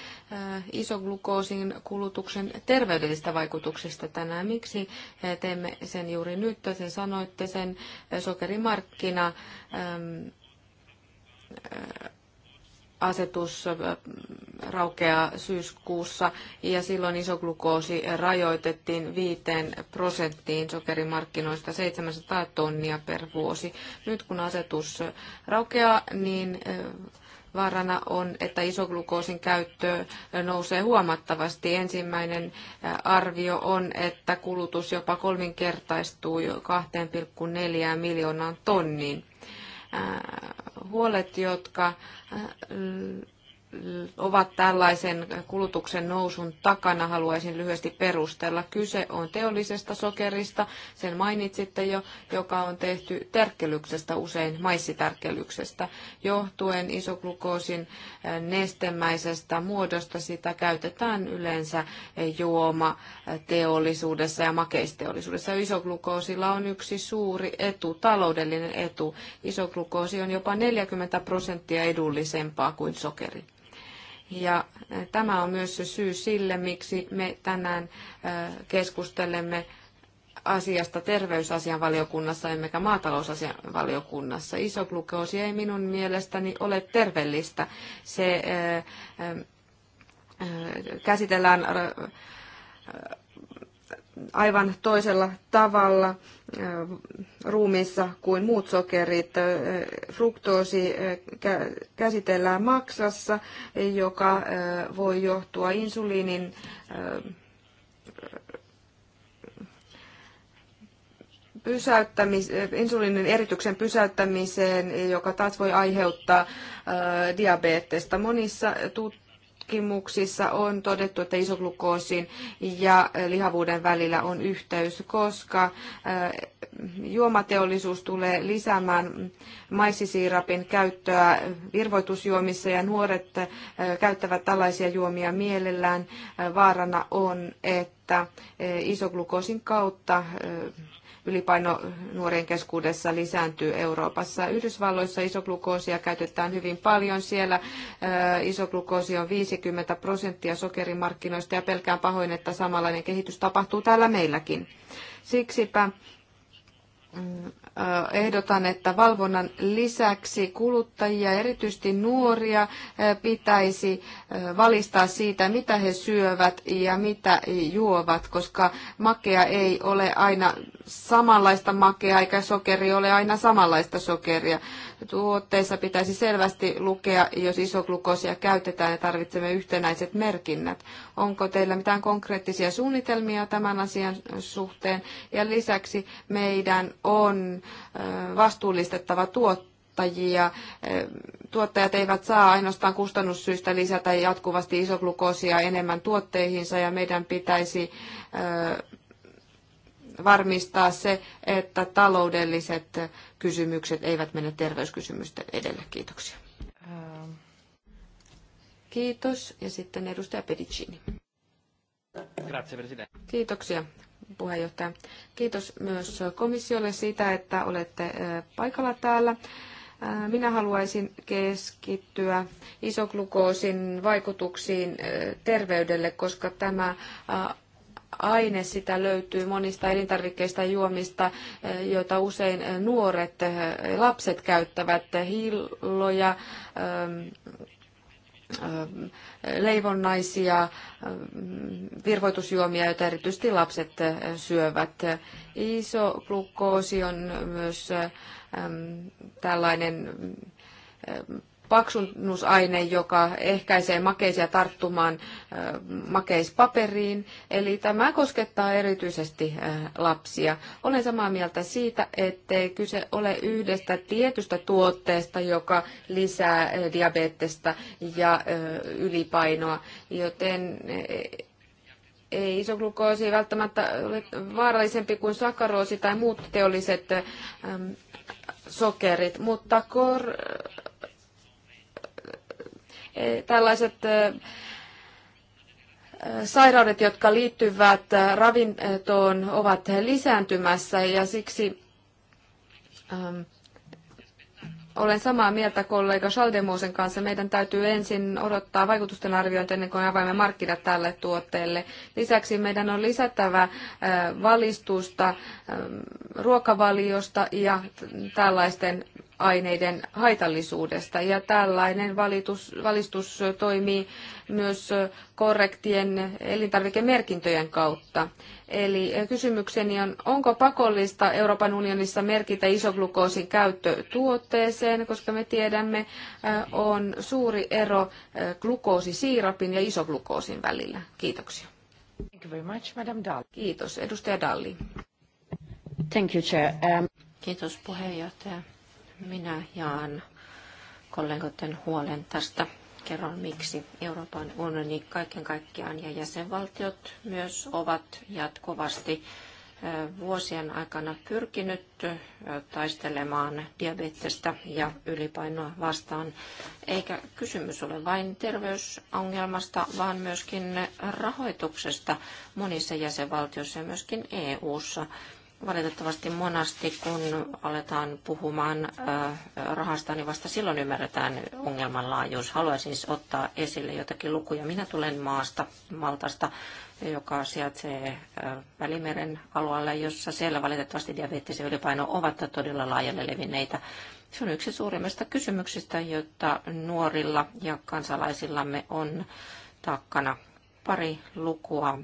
isoglukoosin kulutuksen terveydellisistä vaikutuksista tänään. Miksi teemme sen juuri nyt? Te sanoitte sen sokerimarkkina asetus raukeaa syyskuussa ja silloin isoglukoosi rajoitettiin 5 prosenttiin sokerimarkkinoista 700 tonnia per vuosi. Nyt kun asetus raukeaa, niin vaarana on, että isoglukoosin käyttö nousee huomattavasti. Ensimmäinen arvio on, että kulutus jopa kolminkertaistuu 2,4 miljoonaan tonniin. Äh, huolet, jotka äh, ovat tällaisen kulutuksen nousun takana, haluaisin lyhyesti perustella. Kyse on teollisesta sokerista, sen mainitsitte jo, joka on tehty tärkkelyksestä, usein maissitärkkelyksestä. Johtuen isoglukoosin eh, nestemäisestä muodosta sitä käytetään yleensä eh, juoma teollisuudessa ja makeisteollisuudessa. Isoglukoosilla on yksi suuri etu, taloudellinen etu. Isoglukoosi on jopa 40 prosenttia edullisempaa kuin sokeri. Ja eh, tämä on myös se syy sille, miksi me tänään eh, keskustelemme asiasta terveysasian valiokunnassa emmekä maatalousasian valiokunnassa. Isoglukoosi ei minun mielestäni ole terveellistä. Se ää, eh, ää, käsitellään ää, aivan toisella tavalla ruumiissa kuin muut sokerit. Fruktoosi käsitellään maksassa, joka voi johtua insuliinin insuliinin erityksen pysäyttämiseen, joka taas voi aiheuttaa diabetesta. Monissa tut- tutkimuksissa on todettu, että isoglukoosin ja lihavuuden välillä on yhteys, koska äh, juomateollisuus tulee lisäämään maissisiirapin käyttöä virvoitusjuomissa ja nuoret äh, käyttävät tällaisia juomia mielellään. Äh, vaarana on, että isoglukoosin kautta ylipaino nuorien keskuudessa lisääntyy Euroopassa. Yhdysvalloissa isoglukoosia käytetään hyvin paljon. Siellä isoglukoosi on 50 prosenttia sokerimarkkinoista ja pelkään pahoin, että samanlainen kehitys tapahtuu täällä meilläkin. Siksipä mm, ehdotan, että valvonnan lisäksi kuluttajia, erityisesti nuoria, pitäisi valistaa siitä, mitä he syövät ja mitä juovat, koska makea ei ole aina samanlaista makea eikä sokeri ole aina samanlaista sokeria. Tuotteissa pitäisi selvästi lukea, jos isoglukoosia käytetään ja tarvitsemme yhtenäiset merkinnät. Onko teillä mitään konkreettisia suunnitelmia tämän asian suhteen? Ja lisäksi meidän on vastuullistettava tuottajia. Tuottajat eivät saa ainoastaan kustannussyistä lisätä jatkuvasti isoglukoosia enemmän tuotteihinsa ja meidän pitäisi varmistaa se, että taloudelliset kysymykset eivät mene terveyskysymysten edelle. Kiitoksia. Kiitos. Ja sitten edustaja Pedicini. Grazie, Kiitoksia puheenjohtaja. Kiitos myös komissiolle siitä, että olette paikalla täällä. Minä haluaisin keskittyä isoglukoosin vaikutuksiin terveydelle, koska tämä aine, sitä löytyy monista elintarvikkeista ja juomista, joita usein nuoret lapset käyttävät, hilloja, leivonnaisia, virvoitusjuomia, joita erityisesti lapset syövät. Isoglukoosi on myös tällainen paksunnusaine, joka ehkäisee makeisia tarttumaan makeispaperiin. Eli tämä koskettaa erityisesti lapsia. Olen samaa mieltä siitä, ettei kyse ole yhdestä tietystä tuotteesta, joka lisää diabetesta ja ylipainoa, joten ei isoglukoosi välttämättä ole vaarallisempi kuin sakaroosi tai muut teolliset sokerit, mutta kor- Eh, tällaiset eh, eh, sairaudet, jotka liittyvät ravintoon, ovat lisääntymässä ja siksi ehm, olen samaa mieltä kollega Schaldemosen kanssa. Meidän täytyy ensin odottaa vaikutusten arviointia ennen kuin avaimme markkinat tälle tuotteelle. Lisäksi meidän on lisättävä valistusta ehm, ruokavaliosta ja tällaisten aineiden haitallisuudesta. Ja tällainen valitus, valistus toimii myös korrektien elintarvikemerkintöjen kautta. Eli kysymykseni on, onko pakollista Euroopan unionissa merkitä isoglukoosin käyttö tuotteeseen, koska me tiedämme, on suuri ero glukoosisiirapin ja isoglukoosin välillä. Kiitoksia. Thank you very much, Madam Dalli. Kiitos. Edustaja Dalli. Thank you, Chair. Um... Kiitos puheenjohtaja minä jaan kollegoiden huolen tästä. Kerron miksi Euroopan unioni kaiken kaikkiaan ja jäsenvaltiot myös ovat jatkuvasti vuosien aikana pyrkinyt taistelemaan diabetesta ja ylipainoa vastaan. Eikä kysymys ole vain terveysongelmasta, vaan myöskin rahoituksesta monissa jäsenvaltioissa ja myöskin EU-ssa valitettavasti monasti, kun aletaan puhumaan rahasta, niin vasta silloin ymmärretään ongelman laajuus. Haluaisin siis ottaa esille jotakin lukuja. Minä tulen maasta, Maltasta, joka sijaitsee Välimeren alueella, jossa siellä valitettavasti diabetes ja ylipaino ovat todella laajalle levinneitä. Se on yksi suurimmista kysymyksistä, jotta nuorilla ja kansalaisillamme on takkana. Pari lukua.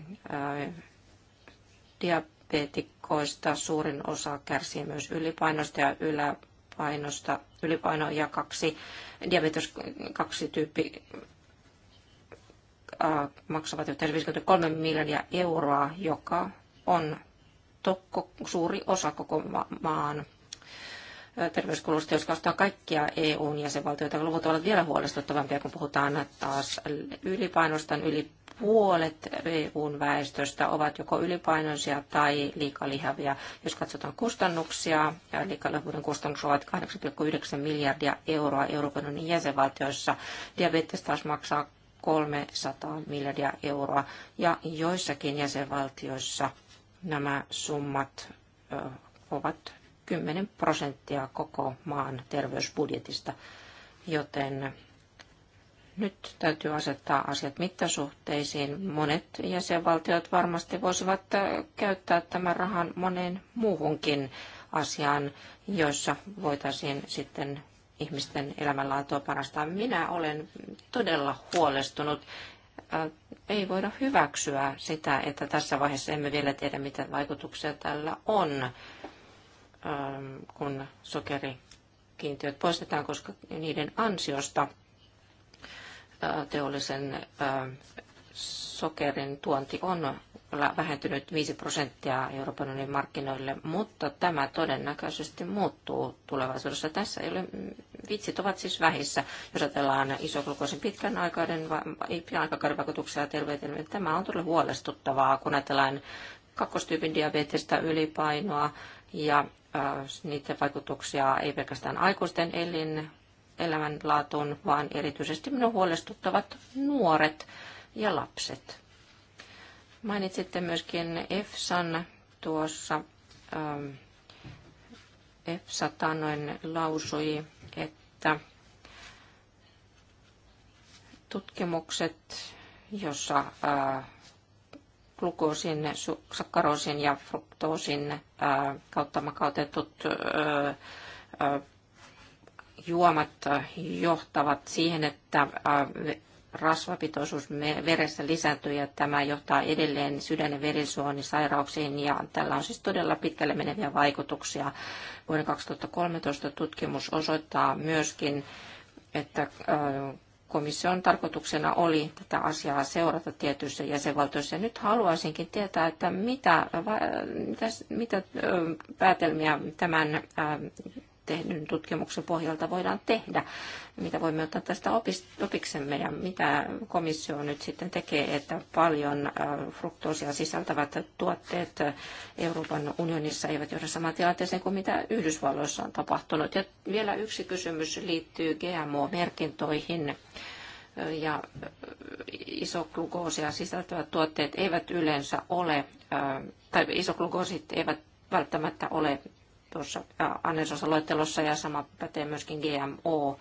Diabetes diabeetikoista suurin osa kärsii myös ylipainosta ja yläpainosta. Ylipaino ja kaksi, diabetes kaksi tyyppi äh, maksavat yhteensä 53 miljardia euroa, joka on tokko, suuri osa koko ma- maan terveyskulusta, jos katsotaan kaikkia eu jäsenvaltioita, luvut ovat vielä huolestuttavampia, kun puhutaan taas ylipainostan ylipainosta puolet EUn väestöstä ovat joko ylipainoisia tai liikalihavia. Jos katsotaan kustannuksia, ja liikalihavuuden kustannukset ovat 8,9 miljardia euroa Euroopan unionin jäsenvaltioissa. Diabetes taas maksaa 300 miljardia euroa, ja joissakin jäsenvaltioissa nämä summat ovat 10 prosenttia koko maan terveysbudjetista, joten nyt täytyy asettaa asiat mittasuhteisiin. Monet jäsenvaltiot varmasti voisivat äh, käyttää tämän rahan moneen muuhunkin asiaan, joissa voitaisiin sitten ihmisten elämänlaatua parastaa. Minä olen todella huolestunut. Äh, ei voida hyväksyä sitä, että tässä vaiheessa emme vielä tiedä, mitä vaikutuksia tällä on, ähm, kun sokerikiintiöt poistetaan, koska niiden ansiosta – teollisen sokerin tuonti on vähentynyt 5 prosenttia Euroopan unionin markkinoille, mutta tämä todennäköisesti muuttuu tulevaisuudessa. Tässä ei ole, mm, vitsit ovat siis vähissä, jos ajatellaan isoglukosin pitkän aikaiden, pitkän aikakauden vaikutuksia terveyteen. Niin tämä on todella huolestuttavaa, kun ajatellaan kakkostyypin diabetesta, ylipainoa ja niiden vaikutuksia ei pelkästään aikuisten elin elämänlaatuun, vaan erityisesti minun huolestuttavat nuoret ja lapset. Mainitsitte myöskin EFSAn tuossa. Ähm, EFSA taannoin lausui, että tutkimukset, jossa äh, glukoosin, sakkaroosin ja fruktoosin äh, kautta makautetut äh, juomat johtavat siihen, että äh, rasvapitoisuus veressä lisääntyy ja tämä johtaa edelleen sydän- ja verisuonisairauksiin ja tällä on siis todella pitkälle meneviä vaikutuksia. Vuoden 2013 tutkimus osoittaa myöskin, että äh, komission tarkoituksena oli tätä asiaa seurata tietyissä jäsenvaltioissa. Ja nyt haluaisinkin tietää, että mitä, mitä, mitä päätelmiä tämän äh, tehdyn tutkimuksen pohjalta voidaan tehdä, mitä voimme ottaa tästä opiksemme ja mitä komissio nyt sitten tekee, että paljon äh, fruktoosia sisältävät tuotteet Euroopan unionissa eivät johda samaan tilanteeseen kuin mitä Yhdysvalloissa on tapahtunut. Ja vielä yksi kysymys liittyy GMO-merkintoihin ja äh, isoglukoosia sisältävät tuotteet eivät yleensä ole, äh, tai isoglukoosit eivät välttämättä ole tuossa annososaloittelossa ja sama pätee myöskin GMO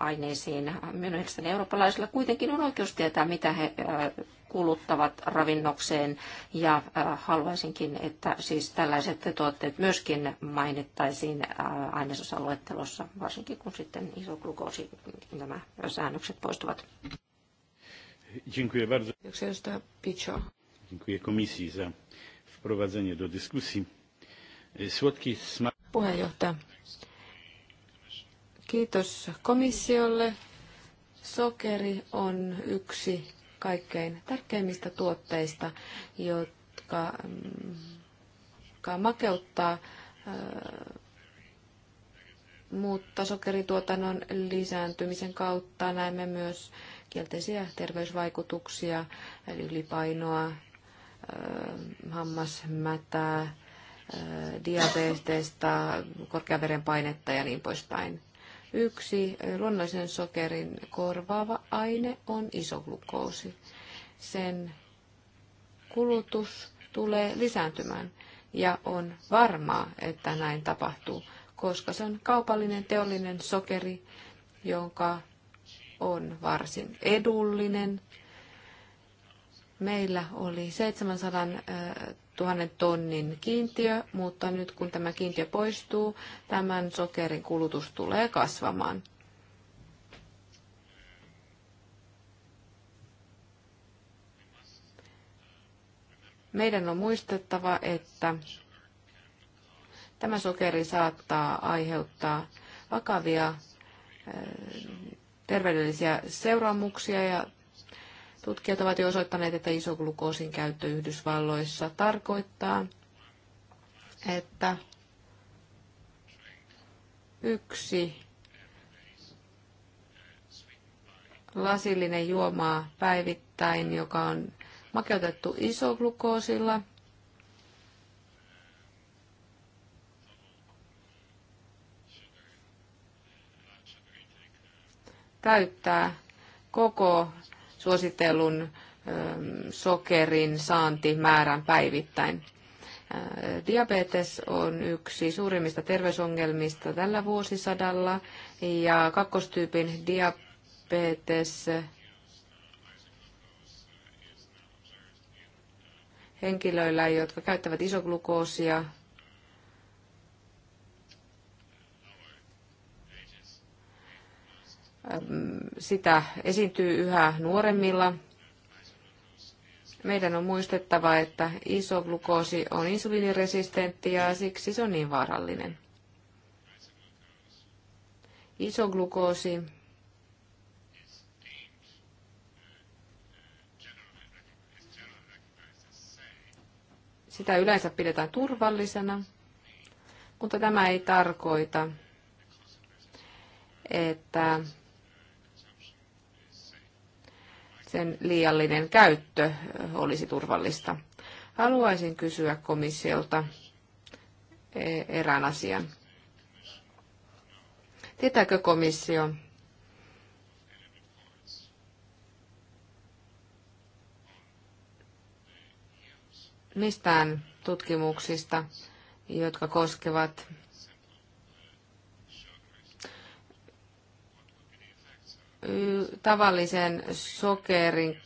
aineisiin. Mielestäni eurooppalaisilla kuitenkin on oikeus tietää, mitä he kuluttavat ravinnokseen ja haluaisinkin, että siis tällaiset tuotteet myöskin mainittaisiin ainesosaluettelossa, varsinkin kun sitten iso glukoosi nämä säännökset poistuvat. Kiitos. bardzo. Picho. Dziękuję komisji za wprowadzenie do dyskusji. Puheenjohtaja. Kiitos komissiolle. Sokeri on yksi kaikkein tärkeimmistä tuotteista, jotka, jotka makeuttaa mutta sokerituotannon lisääntymisen kautta näemme myös kielteisiä terveysvaikutuksia, eli ylipainoa, hammasmätää, diabetesta, korkean verenpainetta ja niin poispäin. Yksi luonnollisen sokerin korvaava aine on isoglukoosi. Sen kulutus tulee lisääntymään ja on varmaa, että näin tapahtuu, koska se on kaupallinen teollinen sokeri, jonka on varsin edullinen. Meillä oli 700 tuhannen tonnin kiintiö, mutta nyt kun tämä kiintiö poistuu, tämän sokerin kulutus tulee kasvamaan. Meidän on muistettava, että tämä sokeri saattaa aiheuttaa vakavia eh, terveydellisiä seuraamuksia ja Tutkijat ovat jo osoittaneet, että isoglukoosin käyttö Yhdysvalloissa tarkoittaa, että yksi lasillinen juomaa päivittäin, joka on makeutettu isoglukoosilla, täyttää koko suositellun sokerin saantimäärän päivittäin. Diabetes on yksi suurimmista terveysongelmista tällä vuosisadalla ja kakkostyypin diabetes henkilöillä, jotka käyttävät isoglukoosia, sitä esiintyy yhä nuoremmilla. Meidän on muistettava, että isoglukoosi on insuliiniresistentti ja siksi se on niin vaarallinen. Isoglukoosi sitä yleensä pidetään turvallisena, mutta tämä ei tarkoita, että sen liiallinen käyttö olisi turvallista. Haluaisin kysyä komissiolta e, erään asian. Tietääkö komissio, mistään tutkimuksista, jotka koskevat tavallisen sokerin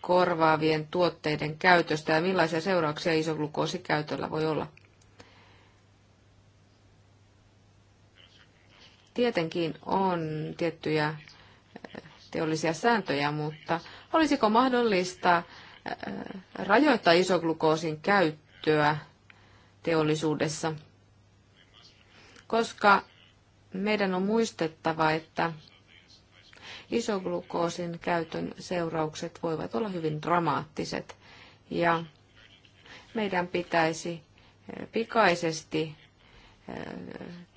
korvaavien tuotteiden käytöstä ja millaisia seurauksia isoglukoosikäytöllä voi olla? Tietenkin on tiettyjä teollisia sääntöjä, mutta olisiko mahdollista rajoittaa isoglukoosin käyttöä teollisuudessa? Koska meidän on muistettava, että isoglukoosin käytön seuraukset voivat olla hyvin dramaattiset. Ja meidän pitäisi eh, pikaisesti eh,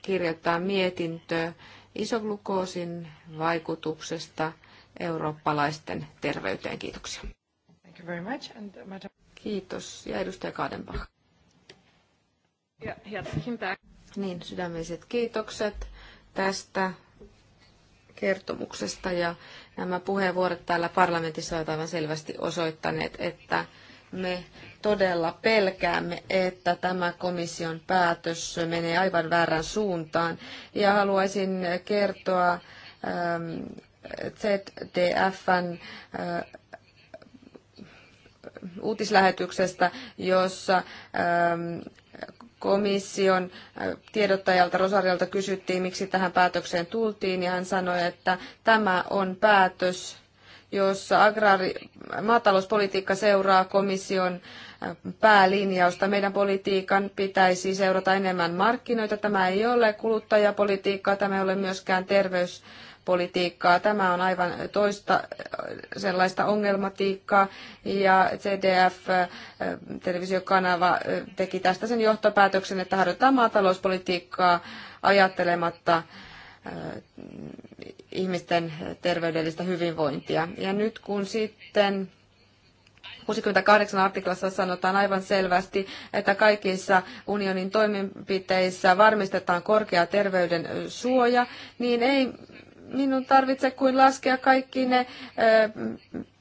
kirjoittaa mietintö isoglukoosin vaikutuksesta eurooppalaisten terveyteen. Kiitoksia. Thank you very much. And, uh, Kiitos. Ja edustaja Kadenbach. niin, sydämelliset kiitokset tästä kertomuksesta ja nämä puheenvuorot täällä parlamentissa ovat aivan selvästi osoittaneet, että me todella pelkäämme, että tämä komission päätös menee aivan väärään suuntaan. Ja haluaisin kertoa ähm, ZDFn äh, uutislähetyksestä, jossa ähm, komission äh, tiedottajalta Rosariolta kysyttiin, miksi tähän päätökseen tultiin, ja hän sanoi, että tämä on päätös, jossa agraari- maatalouspolitiikka seuraa komission äh, päälinjausta. Meidän politiikan pitäisi seurata enemmän markkinoita. Tämä ei ole kuluttajapolitiikkaa, tämä ei ole myöskään terveys politiikkaa. Tämä on aivan toista sellaista ongelmatiikkaa ja CDF-televisiokanava teki tästä sen johtopäätöksen, että harjoittaa maatalouspolitiikkaa ajattelematta ihmisten terveydellistä hyvinvointia. Ja nyt kun sitten 68 artiklassa sanotaan aivan selvästi, että kaikissa unionin toimenpiteissä varmistetaan korkea terveyden suoja, niin ei minun tarvitse kuin laskea kaikki ne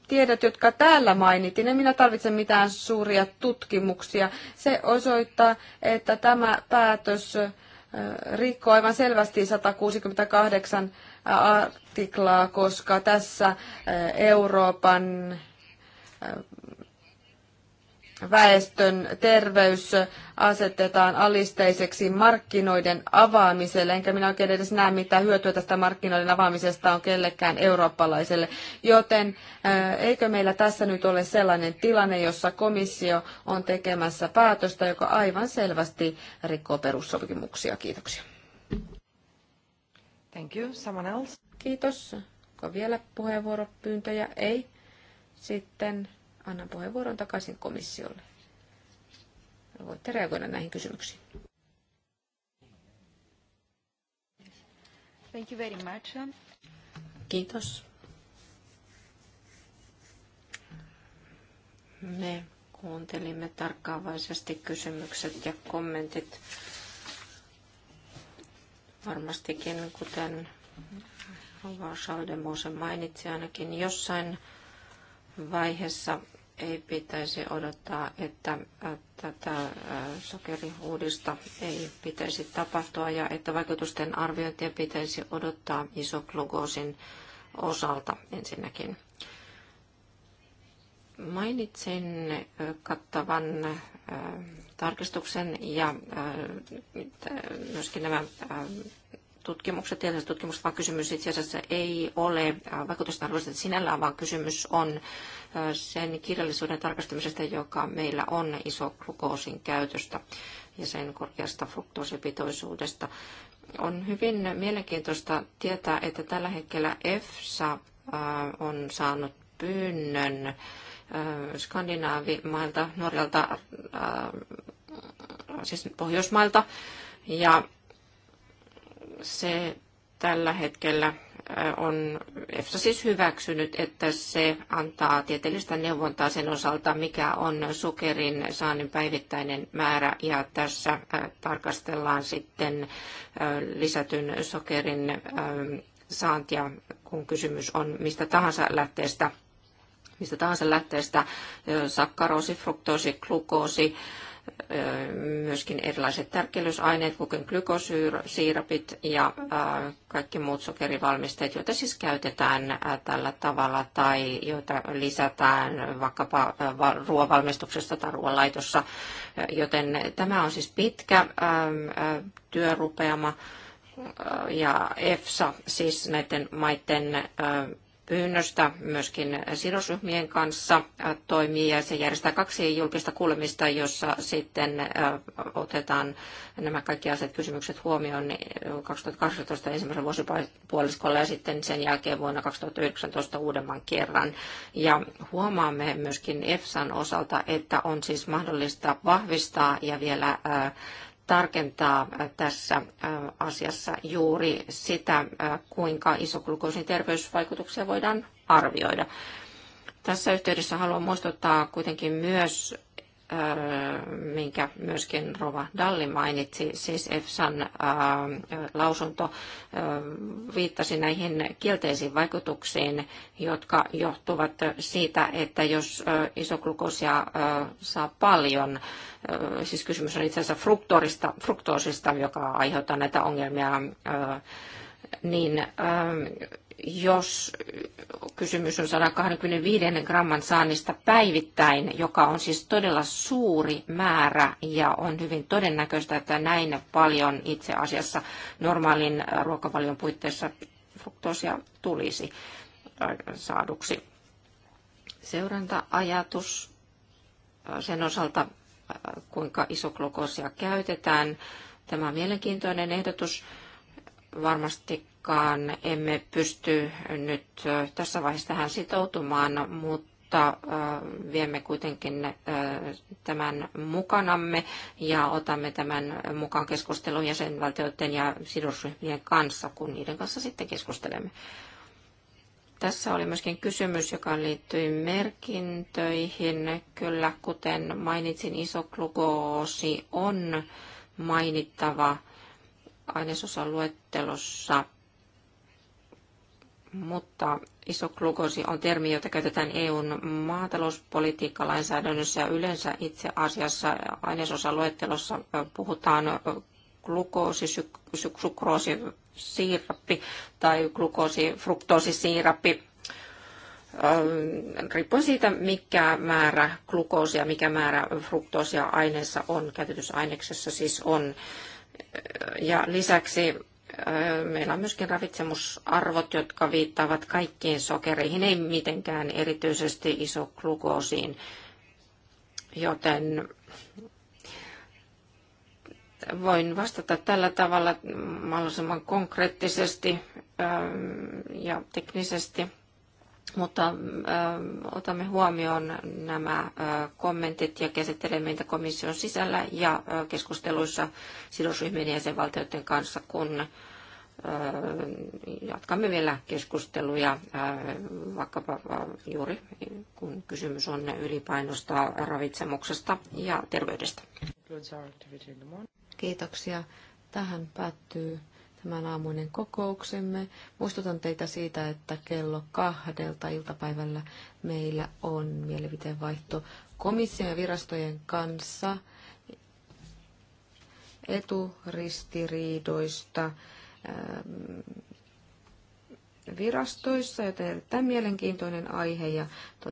tiedot, jotka täällä mainitin. En minä tarvitse mitään suuria tutkimuksia. Se osoittaa, että tämä päätös rikkoo aivan selvästi 168 artiklaa, koska tässä Euroopan väestön terveys asetetaan alisteiseksi markkinoiden avaamiselle, enkä minä oikein edes näe mitään hyötyä tästä markkinoiden avaamisesta on kellekään eurooppalaiselle. Joten äh, eikö meillä tässä nyt ole sellainen tilanne, jossa komissio on tekemässä päätöstä, joka aivan selvästi rikkoo perussopimuksia? Kiitoksia. Thank you. Someone else? Kiitos. Onko vielä puheenvuoropyyntöjä? Ei. Sitten annan puheenvuoron takaisin komissiolle. Voitte reagoida näihin kysymyksiin. Thank you very much. Kiitos. Me kuuntelimme tarkkaavaisesti kysymykset ja kommentit. Varmastikin, kuten Rova Schaldemosen mainitsi ainakin jossain vaiheessa ei pitäisi odottaa, että tätä sokerihuudista ei pitäisi tapahtua ja että vaikutusten arviointia pitäisi odottaa isoglukoosin osalta ensinnäkin. Mainitsin kattavan tarkistuksen ja myöskin nämä tutkimukset, tieteelliset tutkimukset, vaan kysymys itse asiassa ei ole äh, vaikutusarvoista sinällään, vaan kysymys on äh, sen kirjallisuuden tarkastamisesta, joka meillä on iso glukoosin käytöstä ja sen korkeasta fruktoosipitoisuudesta. On hyvin mielenkiintoista tietää, että tällä hetkellä EFSA äh, on saanut pyynnön skandinaavimailta, Norjalta, siis Pohjoismailta, ja se tällä hetkellä on EFSA siis hyväksynyt, että se antaa tieteellistä neuvontaa sen osalta, mikä on sokerin saannin päivittäinen määrä. Ja tässä tarkastellaan sitten lisätyn sokerin saantia, kun kysymys on mistä tahansa lähteestä, mistä tahansa lähteestä, sakkaroosi, fruktoosi, glukoosi, myöskin erilaiset tärkkelysaineet, kuten glykosiirapit ja kaikki muut sokerivalmisteet, joita siis käytetään tällä tavalla tai joita lisätään vaikkapa ruoanvalmistuksessa tai ruoanlaitossa. Joten tämä on siis pitkä työrupeama ja EFSA, siis näiden maiden pyynnöstä myöskin sidosryhmien kanssa toimii ja se järjestää kaksi julkista kuulemista, jossa sitten äh, otetaan nämä kaikki asiat kysymykset huomioon 2018 niin ensimmäisen vuosipuoliskolla ja sitten sen jälkeen vuonna 2019 uudemman kerran. Ja huomaamme myöskin EFSAn osalta, että on siis mahdollista vahvistaa ja vielä äh, tarkentaa tässä asiassa juuri sitä, kuinka isoglukoosin terveysvaikutuksia voidaan arvioida. Tässä yhteydessä haluan muistuttaa kuitenkin myös Äh, minkä myöskin Rova Dalli mainitsi, siis EFSAn äh, lausunto äh, viittasi näihin kielteisiin vaikutuksiin, jotka johtuvat siitä, että jos isoglukoosia saa paljon, siis kysymys on itse asiassa fruktoorista, fruktoosista, joka aiheuttaa näitä ongelmia, niin ähm, jos kysymys on 125 gramman saannista päivittäin, joka on siis todella suuri määrä ja on hyvin todennäköistä, että näin paljon itse asiassa normaalin äh, ruokavalion puitteissa fruktoosia tulisi äh, saaduksi. Seuranta-ajatus äh, sen osalta, kuinka iso glukoosia käytetään. Tämä on mielenkiintoinen ehdotus varmasti kuitenkaan emme pysty nyt tässä vaiheessa tähän sitoutumaan, mutta viemme kuitenkin tämän mukanamme ja otamme tämän mukaan keskustelun jäsenvaltioiden ja sidosryhmien kanssa, kun niiden kanssa sitten keskustelemme. Tässä oli myöskin kysymys, joka liittyi merkintöihin. Kyllä, kuten mainitsin, glukoosi on mainittava ainesosan luettelossa mutta glukoosi on termi, jota käytetään EUn maatalouspolitiikka lainsäädännössä ja yleensä itse asiassa ainesosaluettelossa puhutaan glukoosi, syk- sukroosi, siirappi tai glukoosi, siirappi. riippuen siitä, mikä määrä glukoosia, mikä määrä fruktoosia aineessa on, käytetyssä aineksessa siis on. Ja lisäksi Meillä on myöskin ravitsemusarvot, jotka viittaavat kaikkiin sokereihin, ei mitenkään erityisesti isoglukoosiin. Joten voin vastata tällä tavalla mahdollisimman konkreettisesti ja teknisesti mutta ö, otamme huomioon nämä ö, kommentit ja käsittelemme niitä komission sisällä ja ö, keskusteluissa sidosryhmien ja jäsenvaltioiden kanssa, kun ö, jatkamme vielä keskusteluja, ö, vaikkapa juuri kun kysymys on ylipainosta, ravitsemuksesta ja terveydestä. Kiitoksia. Tähän päättyy tämän aamuinen kokouksemme. Muistutan teitä siitä, että kello kahdelta iltapäivällä meillä on mielipiteenvaihto komission ja virastojen kanssa eturistiriidoista ähm, virastoissa, joten erittäin mielenkiintoinen aihe ja